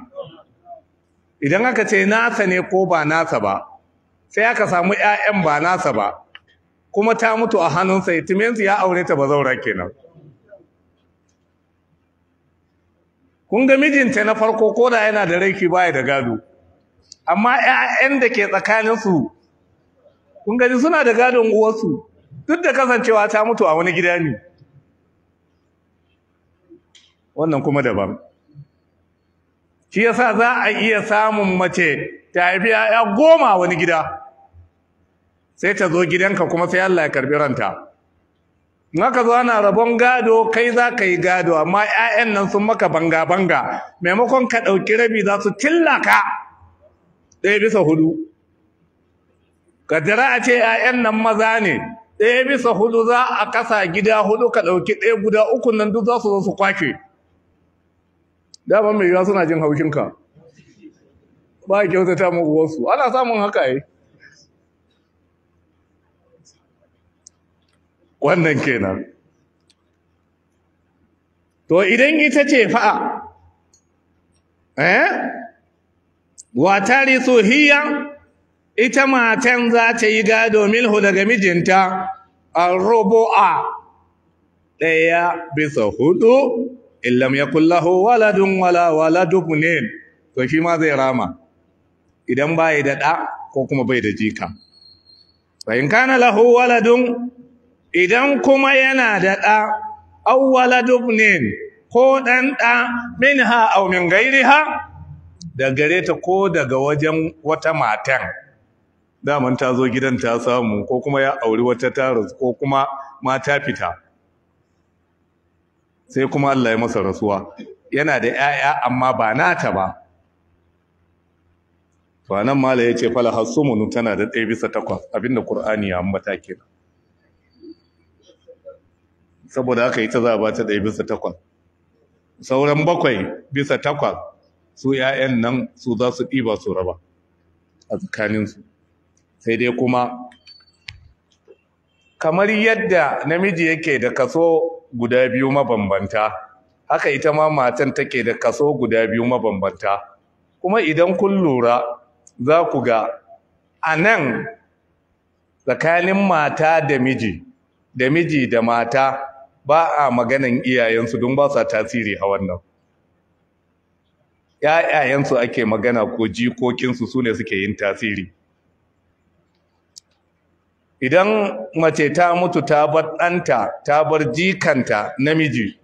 idan aka ce nasa ne ko ba nasa ba sai aka samu ƴaƴan ba nasa ba kuma ta mutu a hannunsa itimensu ya aure ta bazaura kenan kun ga mijinta na farko ko da yana da raiki baya da gado amma ƴaƴan da ke tsakaninsu kun gaji suna da gadon uwarsu duk da kasancewa ta mutu a wani gida ne wannan kuma daban shi yasa za a iya samun mace ta haifi ƴaƴa goma wani gida sai ta zo gidanka kuma sai Allah ya karbi ranta Naka aka zo ana rabon gado kai za ka yi gado amma 'ya'yan nan sun maka banga-banga maimakon ka ɗauki rabi za su tillaka ɗaya bisa hudu jira a ce 'ya'yan nan maza ne ɗaya bisa hudu za a kasa gida hudu ka ɗauki ɗaya guda uku nan duk za su zo su kwashe dama mai yiwuwa suna jin haushinka ba kyautata muku wasu ana samun haka yi wannan kenan to idan ita ce fa'a eh wa tarithu hiya ita matan za ta yi gado milhu daga mijinta arrubu'a daya bisa hudu illam yakul lahu waladun wala bunin to shi ma zai rama idan bai da da ko kuma bai da jika fa in kana lahu waladun idan kuma yana da ɗa awwala dubnin ko ɗan ɗa ha, aw min ha, da gare ta ko daga wajen wata matan daman ta zo gidan ta samu ko kuma ya auri wata taras ko kuma mata fita sai kuma Allah ya masa rasuwa yana da ‘ya'ya amma ba nata ba to anan mala ya ce fala hasumunu tana da ɗaya bisa takwas abinda Kur'ani ya ambata kenan saboda aka ita za a ta ɗaya bisa takwas sauran bakwai bisa takwas su ‘ya'yan nan su za su ɗiba su raba a tsakaninsu sai dai kuma kamar yadda namiji yake da kaso guda biyu mabambanta haka ita ma matan take da kaso guda biyu mabambanta kuma idan kun lura za ku ga a nan tsakanin mata da miji da miji da mata ba a maganan iyayensu don ba sa tasiri a wannan ‘ya'yayensu ake magana ko jikokinsu su ne suke yin tasiri idan mace ta mutu ta bar ɗanta ta bar jikanta namiji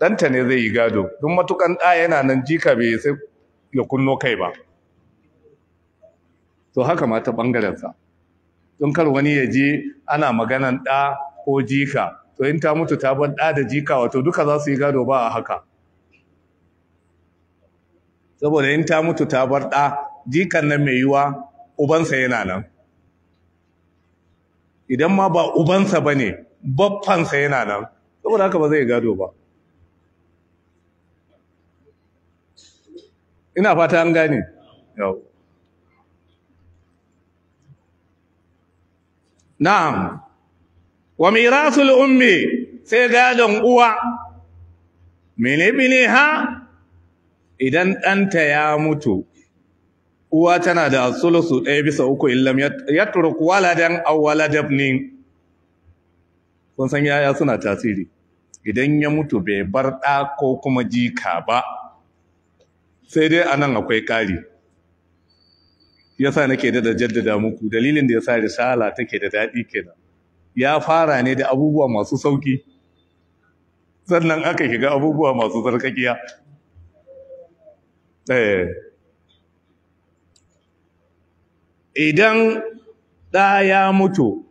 ɗanta ne zai yi gado don matukan ɗa yana nan jika bai sai ya kunno kai ba to haka ma ta ɓangarensa don kar wani ya je ana maganan ɗa ko jika to in ta mutu ta ban da da jika wato duka za su yi gado ba a haka saboda in ta mutu ta bar ɗa jikan nan mai yiwa ubansa yana nan idan ma ba ubansa ba ne baffansa yana nan saboda haka ba zai gado ba ina fata an gane yau. na'am wa mirasul ummi sai gadon uwa min ha? idan ɗanta ya mutu uwa tana da sulusu ɗaya bisa uku illam yatruk waladan aw waladabni kun san yaya suna tasiri idan ya mutu bai bar ɗa ko kuma jika ba sai dai anan akwai ƙari yasa nake da jaddada muku dalilin da yasa risala take da daɗi kenan ya fara ne da abubuwa masu sauki sannan aka shiga abubuwa masu sarkakiya eh. idan ɗa ya mutu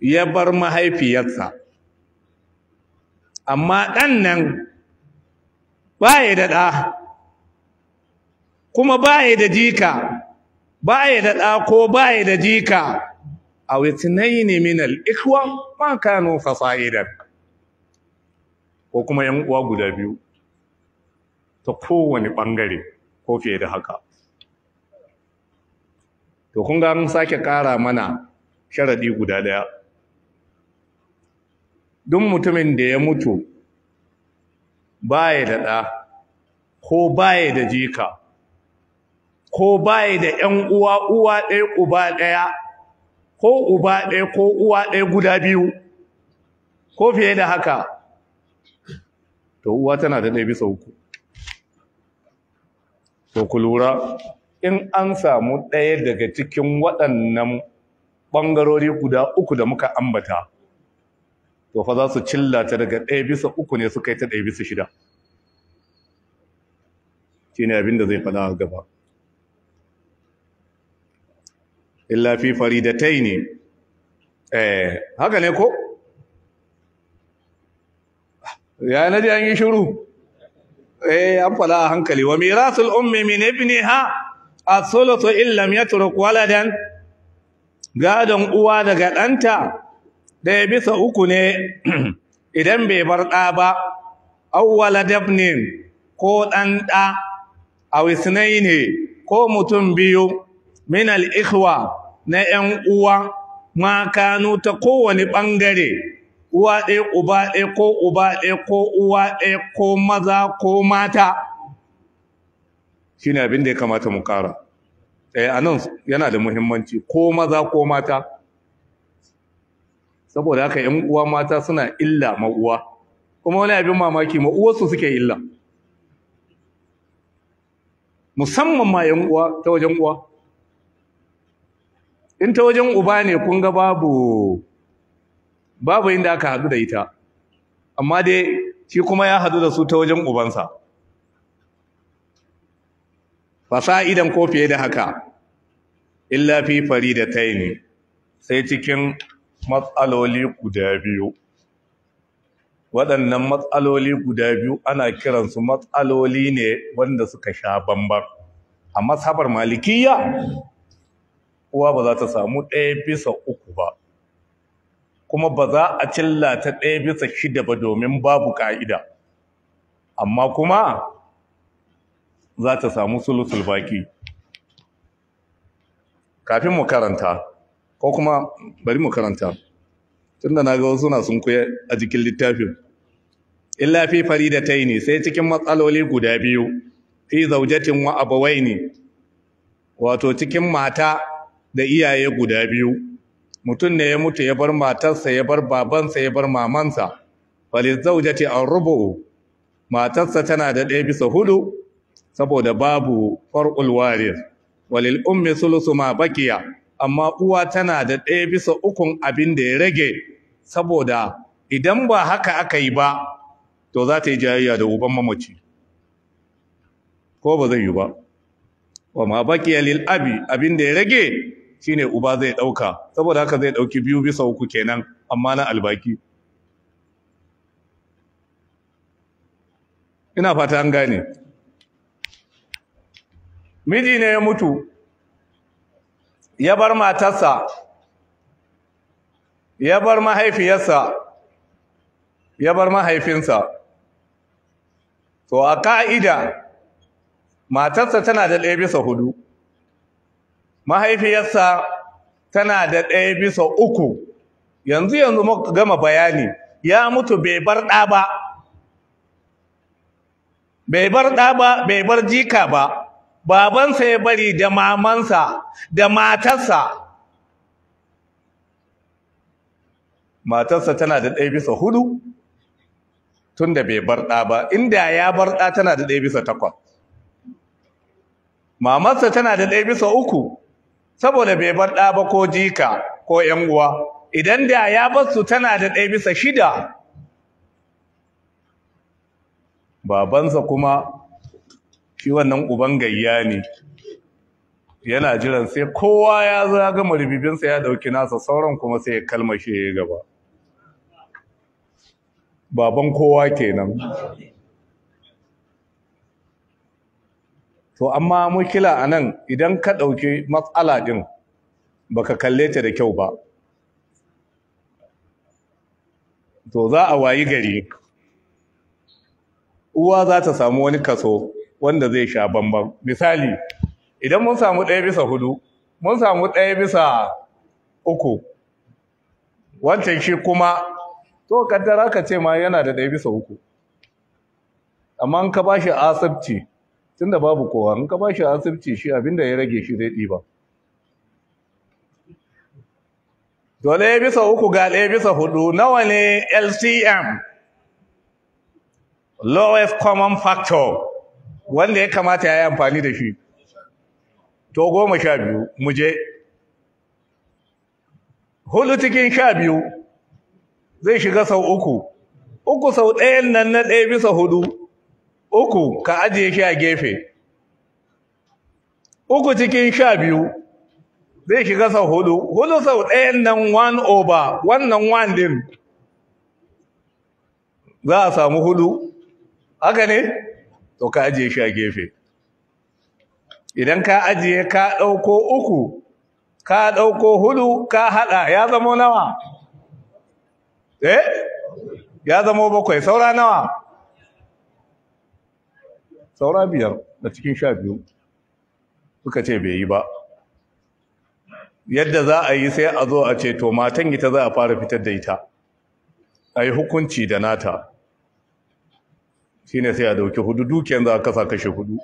ya bar mahaifiyarsa amma ɗan nan yi da ɗa kuma yi da jika yi da ɗa ko yi da jika aw ithnaini min al-ikhwa ma kanu fasa'idan ko kuma yan uwa guda biyu ta kowane bangare ko fiye da haka to kun ga an sake ƙara mana sharadi guda daya duk mutumin da ya mutu baya da ɗa ko baya da jika ko baya da ‘yan uwa uwa ɗaya uba ɗaya ko uba ɗaya ko uwa ɗaya guda biyu ko fiye da haka to uwa tana da ɗaya bisa uku to ku lura in an samu ɗaya daga cikin waɗannan ɓangarori guda uku da muka ambata to fa za su cillata daga ɗaya bisa uku ne su kai ta ɗaya bisa shida shi ne abin da zai faɗa gaba illa fi ne eh haka ne ko ya naji an yi shiru eh an fala hankali wa mirasul ummi min ibniha as-sulatu illam yatruk waladan gadon uwa daga danta daya bisa uku ne idan bai bar ɗa ba awwala dabnin ko ɗanɗa. da a wisnai ne ko mutum biyu min al na ƴan uwa ma kanu ta kowane ɓangare, uwa ɗaya uba ɗaya ko uba ɗaya ko uwa ɗaya ko maza ko mata Shi ne abin da ya kamata mu kara eh anan yana da muhimmanci ko maza ko mata saboda haka ƴan uwa mata suna illa ma kuma wani abin mamaki ma suke illa musamman ma ƴan uwa ta wajen uwa in ta wajen uba ne kun ga babu babu inda aka haɗu da ita amma dai shi kuma ya hadu da su ta wajen ubansa idan ko fiye da haka illa fi ne, sai cikin matsaloli guda biyu waɗannan matsaloli guda biyu ana kiransu matsaloli ne wanda suka sha bambam a masabar malikiya uwa ba za ta samu ɗaya bisa uku ba kuma ba za a cilla ta ɗaya bisa shida ba domin babu ƙa'ida amma kuma za ta samu sulusul baki kafin mu karanta ko kuma bari mu karanta tunda na ga wasu na sun kuya a jikin littafin illa fi ta ne, sai cikin matsaloli guda biyu fi zaujatin wa ne. wato cikin mata da iyaye guda biyu mutum ne ya mutu ya bar matarsa ya bar babansa ya bar mamansa falizaujati arrubu matarsa tana da ɗaya bisa hudu saboda babu far'ul waris walil ummi sulusu ma bakiya amma uwa tana da ɗaya bisa ukun abin da ya rage saboda idan ba haka aka yi ba to za ta yi jayayya da uban mamaci ko ba zai yi ba wa ma bakiya lil abi abin da ya rage shine uba zai dauka saboda haka zai dauki biyu bisa uku kenan amma na albaki ina fata an gane miji ne ya mutu ya bar matarsa ya bar mahaifiyarsa ya bar mahaifinsa to a ka'ida matarsa tana da ɗaya bisa hudu mahaifiyarsa tana da ɗaya bisa uku yanzu yanzu muka gama bayani ya mutu bai bar ɗa ba bai bar ɗa ba bai bar jika ba babansa ya bari da mamansa da matarsa matarsa tana da ɗaya bisa hudu tun da bai bar ɗa ba inda ya bar ɗa tana da ɗaya bisa takwas mamarsa tana da ɗaya bisa uku saboda bai bar ɗa ba ko jika ko ‘yan uwa idan da ya bar su tana da ɗaya bisa shida babansa kuma shi wannan uban gayya ne yana jiran sai kowa ya zo ya ya ɗauki nasa sauran kuma sai ya kalmashe ya gaba baban kowa kenan to amma mukila a nan idan ka ɗauki matsala ɗin ba ka kalle ta da kyau ba to za a wayi gari uwa za ta samu wani kaso wanda zai sha bambam misali idan mun samu ɗaya bisa hudu mun samu ɗaya bisa uku wancan shi kuma to kaddara ka ce ma yana da ɗaya bisa uku amma ka ba shi asabci tunda babu kowa in ka bashi asibiti shi abinda ya rage shi zai ɗiba to ɗaya bisa uku ga ɗaya bisa hudu nawa ne lcm lowest common factor wanda ya kamata ya yi amfani da shi to goma sha biyu mu je hudu cikin sha biyu zai shiga sau uku uku sau ɗayan nan na ɗaya bisa hudu uku ka ajiye shi a gefe uku cikin sha biyu zai shiga sau hudu hudu sau ɗayan nan one over wannan one din za a samu hudu haka ne to ka ajiye shi a gefe idan ka ajiye ka ɗauko uku ka ɗauko hudu ka haɗa ya zamo nawa eh ya zamo bakwai saura nawa saura biyar da cikin sha biyu suka ce bai yi ba yadda za a yi sai a zo a ce to matan ita za a fara fitar da ita a yi hukunci da nata shi ne sai a dauki hudu dukiyan za a kasa kashe hudu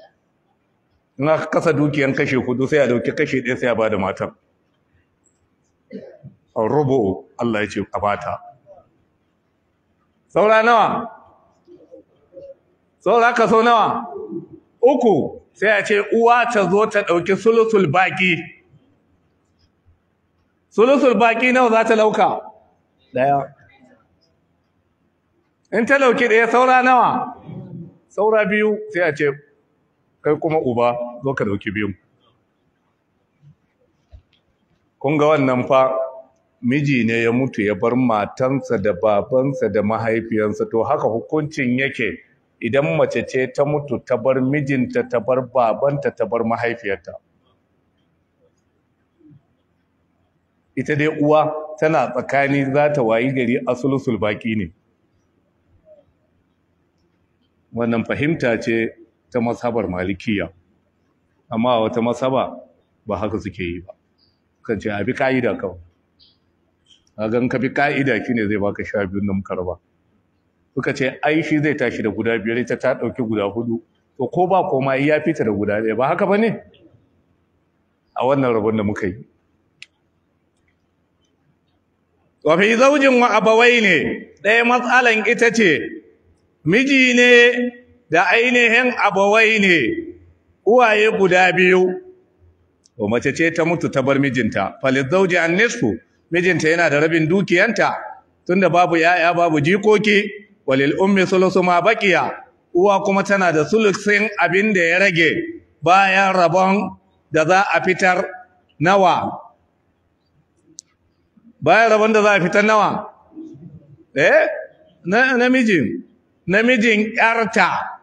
in aka kasa dukiyan kashe hudu sai a dauki kashe ɗaya sai a ba da matan rubo Allah ya ce a bata saura nawa za ka so nawa uku sai a ce uwa ta zo ta ɗauki sulusul baƙi sulusul baƙi nawa za ta lauka ɗaya in ta lauki ɗaya saura nawa saura biyu sai a ce kai kuma uba zo ka ɗauki biyu kun ga wannan fa miji ne ya mutu ya bar matansa da babansa da mahaifiyansa to haka hukuncin yake idan mace ce ta mutu ta bar mijinta ta bar babanta ta bar mahaifiyarta ita dai uwa tana tsakani za ta wayi gari a sulusul baki ne wannan fahimta ce ta masabar malikiya amma wata masaba ba haka suke yi ba kan ce a bi ka'ida kawai a gan ka bi ka'ida ne, zai baka sha biyun nan karba suka ce ai shi zai tashi da guda biyar ita ta ɗauki guda hudu to ko ba koma ya fita da guda ɗaya ba haka ba ne a wannan rabon da muka yi wa fi zaujin wa abawai ne ɗaya matsalan ita ce miji ne da ainihin abawai ne uwaye guda biyu to mace ce ta mutu ta bar mijinta falil zauji an nisfu mijinta yana da rabin dukiyanta tunda babu yaya babu jikoki walil ummi sulusu ma baqiya uwa kuma tana da sulusin abin da ya rage bayan rabon da za a fitar nawa bayan rabon da za a fitar nawa eh namijin namijin yarta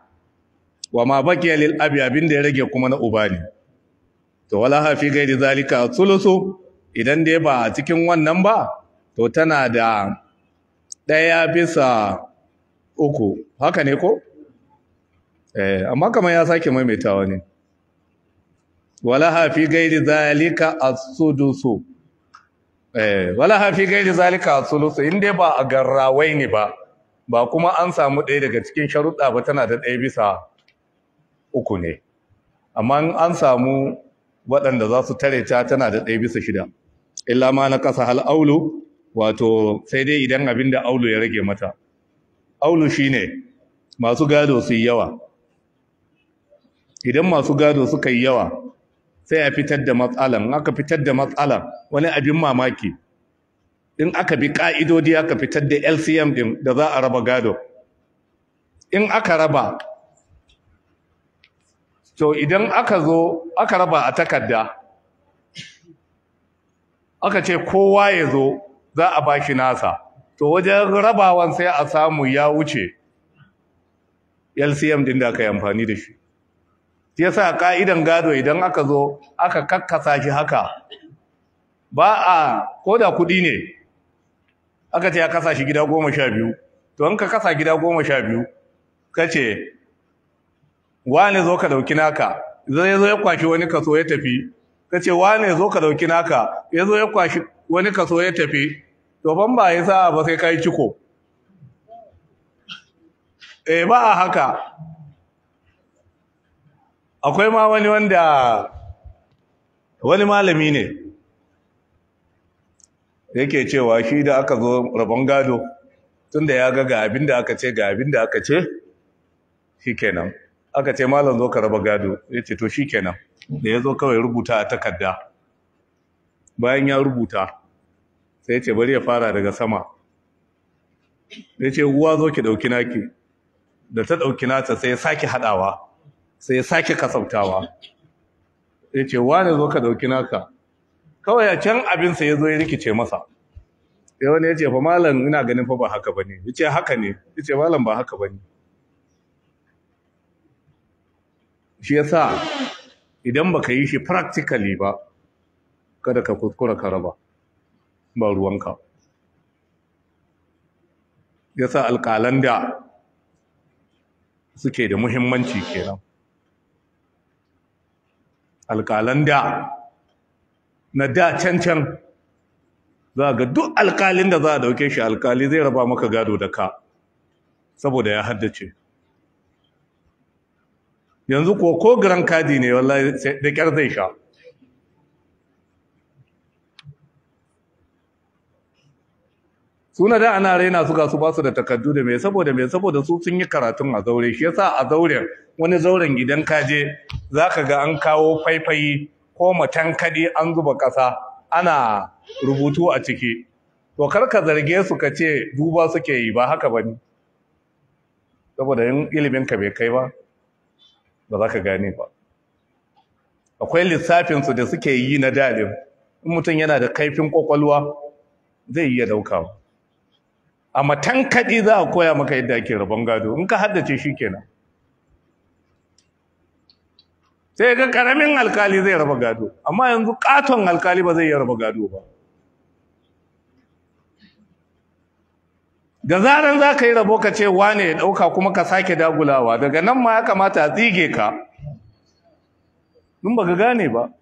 wa ma baqiya lil abi abin da ya rage kuma na uba ne to wala hafi gairi zalika sulusu idan dai ba cikin wannan ba to tana da ɗaya bisa uku haka ne ko eh amma kamar ya sake maimaitawa ne Wala hafi gairi zalika a tsudusu. eh wala hafi gairi zalika a tsudusu, inda ba a garrawai ne ba ba kuma an samu ɗaya daga cikin sharuɗa ba tana da ɗaya bisa uku ne amma an samu waɗanda za su tare ta tana da ɗaya bisa shida illa ma na ƙasa hal aulu wato sai dai idan abin da aulu ya rage mata shi shine masu gado su yi yawa idan masu gado suka yi yawa sai a fitar da matsalan aka fitar da matsalan wani abin mamaki in aka bi ka'idodi aka fitar da LCM din da za a raba gado in aka raba to idan aka zo aka raba a takarda aka ce kowa ya zo za a bashi nasa to wajen rabawan sai a samu ya wuce LCM din da aka yi amfani da shi shi yasa ka'idan gado idan aka zo aka kakkasa shi haka ba a koda kudi ne aka ce ya kasa shi gida goma sha biyu to an ka kasa gida goma sha biyu ka ce wane zo ka dauki naka zai zo ya kwashi wani kaso ya tafi ka ce wane zo ka dauki naka ya zo ya kwashi wani kaso ya tafi to ban ba yi sa'a ba sai kai ciko E, ba a haka akwai ma wani wanda wani malami ne yake cewa shi da aka zo rabon gado tunda ya ga ga abin da aka ce ga abin da aka ce shi kenan aka ce malam zo ka raba gado ya ce to shi kenan da ya zo kawai rubuta a takarda bayan ya rubuta sai ya ce bari ya fara daga sama ya ce uwa zo ki dauki naki da ta ɗauki nata sai ya sake haɗawa sai ya sake kasautawa ya ce wane zo ka ɗauki naka kawai a can abinsa ya zo ya rikice masa ya wani ya ce fa malam ina ganin fa ba haka ba ne ya ce haka ne ya ce malam ba haka ba ne shi ya sa idan ba ka yi shi practically ba kada ka kuskura ka raba ba ruwanka yasa alƙalan da suke da muhimmanci kenan alƙalan da na da cancan za ga duk alƙalin da za a dauke shi alƙali zai raba maka gado da ka saboda ya haddace yanzu ko ko garan kadi ne wallahi da kyar zai sha suna da ana raina su ga su basu da takardu da me saboda me saboda su sun yi karatun a zaure shi yasa a zaure wani zauren gidan kaje zaka ga an kawo faifayi ko matankadi an zuba ƙasa ana rubutu a ciki to kar ka zarge su ka ce duba suke yi ba haka bane saboda yin ilimin ka bai kai ba ba za ka gane ba akwai lissafin su da suke yi na dalib in mutum yana da kaifin kwakwalwa zai iya daukawa a matankaɗi za a koya maka yadda ake rabon gado in ka haddace shi kenan sai ga ƙaramin alkali zai raba gado amma yanzu ƙaton alkali ba zai yi raba gado ba da zaran za ka yi rabo ka ce wane ya ɗauka kuma ka sake dagulawa daga nan ma ya kamata a tsige ka nun ba ka gane ba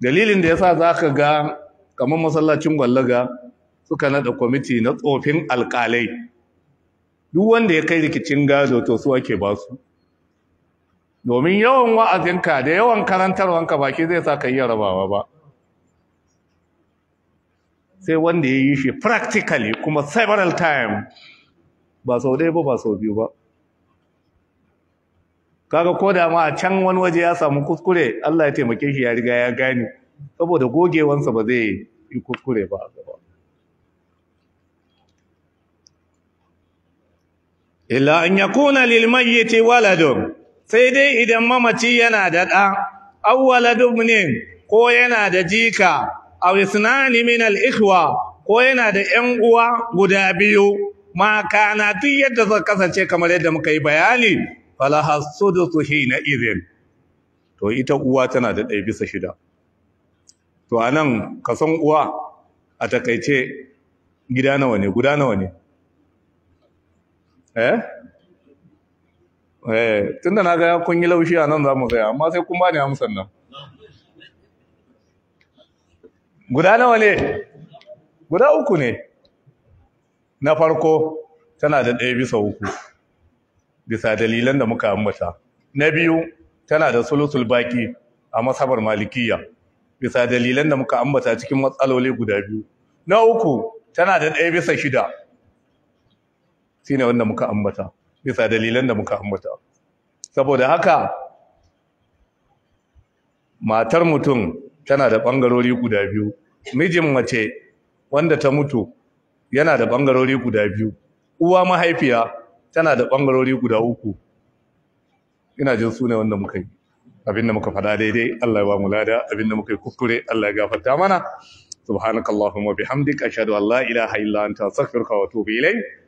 dalilin da ya sa za ka ga kamar masallacin gwallaga suka nada kwamiti na tsofin alkalai duk wanda ya kai rikicin gado to su ake ba su domin yawan wa'azinka da yawan karantarwanka baki zai sa ka yi rabawa ba sai wanda ya yi shi practically kuma several time ba sau ɗaya ba ba sau biyu ba kaga ko da ma a can wani waje ya samu kuskure Allah ya taimake shi ya riga ya gane saboda gogewansa ba zai yi kuskure ba a gaba illa an yakuna lil mayyiti waladun sai dai idan mamaci yana da ɗa aw waladun ne ko yana da jika aw isnani min al ikhwa ko yana da 'yan uwa guda biyu ma kana duk yadda zaka kasance kamar yadda muka yi bayani fala hasudtu hina idhin to ita uwa tana da ɗaya bisa shida to anan san uwa a takaice gida nawa ne guda nawa ne eh eh tunda na ga kun yi laushi a nan za mu tsaya amma sai kun bani ni nan guda nawa ne guda uku ne na farko tana da ɗaya bisa uku bisa dalilan da muka ambata na biyu tana da sulusul baki a masabar malikiya bisa dalilan da muka ambata cikin matsaloli guda biyu na uku tana da ɗaya bisa shida shine wanda muka ambata bisa dalilan da muka ambata saboda haka matar mutum tana da bangarori guda biyu mijin mace wanda ta mutu yana da bangarori guda biyu uwa mahaifiya tana da bangarori guda uku ina jin su ne wanda muka yi Abin da muka faɗa daidai Allah ya ba mu lada da muka yi kuskure Allah ya gafarta mana subhanakallahumma bihamdika ashhadu an la ilaha illa anta astaghfiruka wa atubu ilayk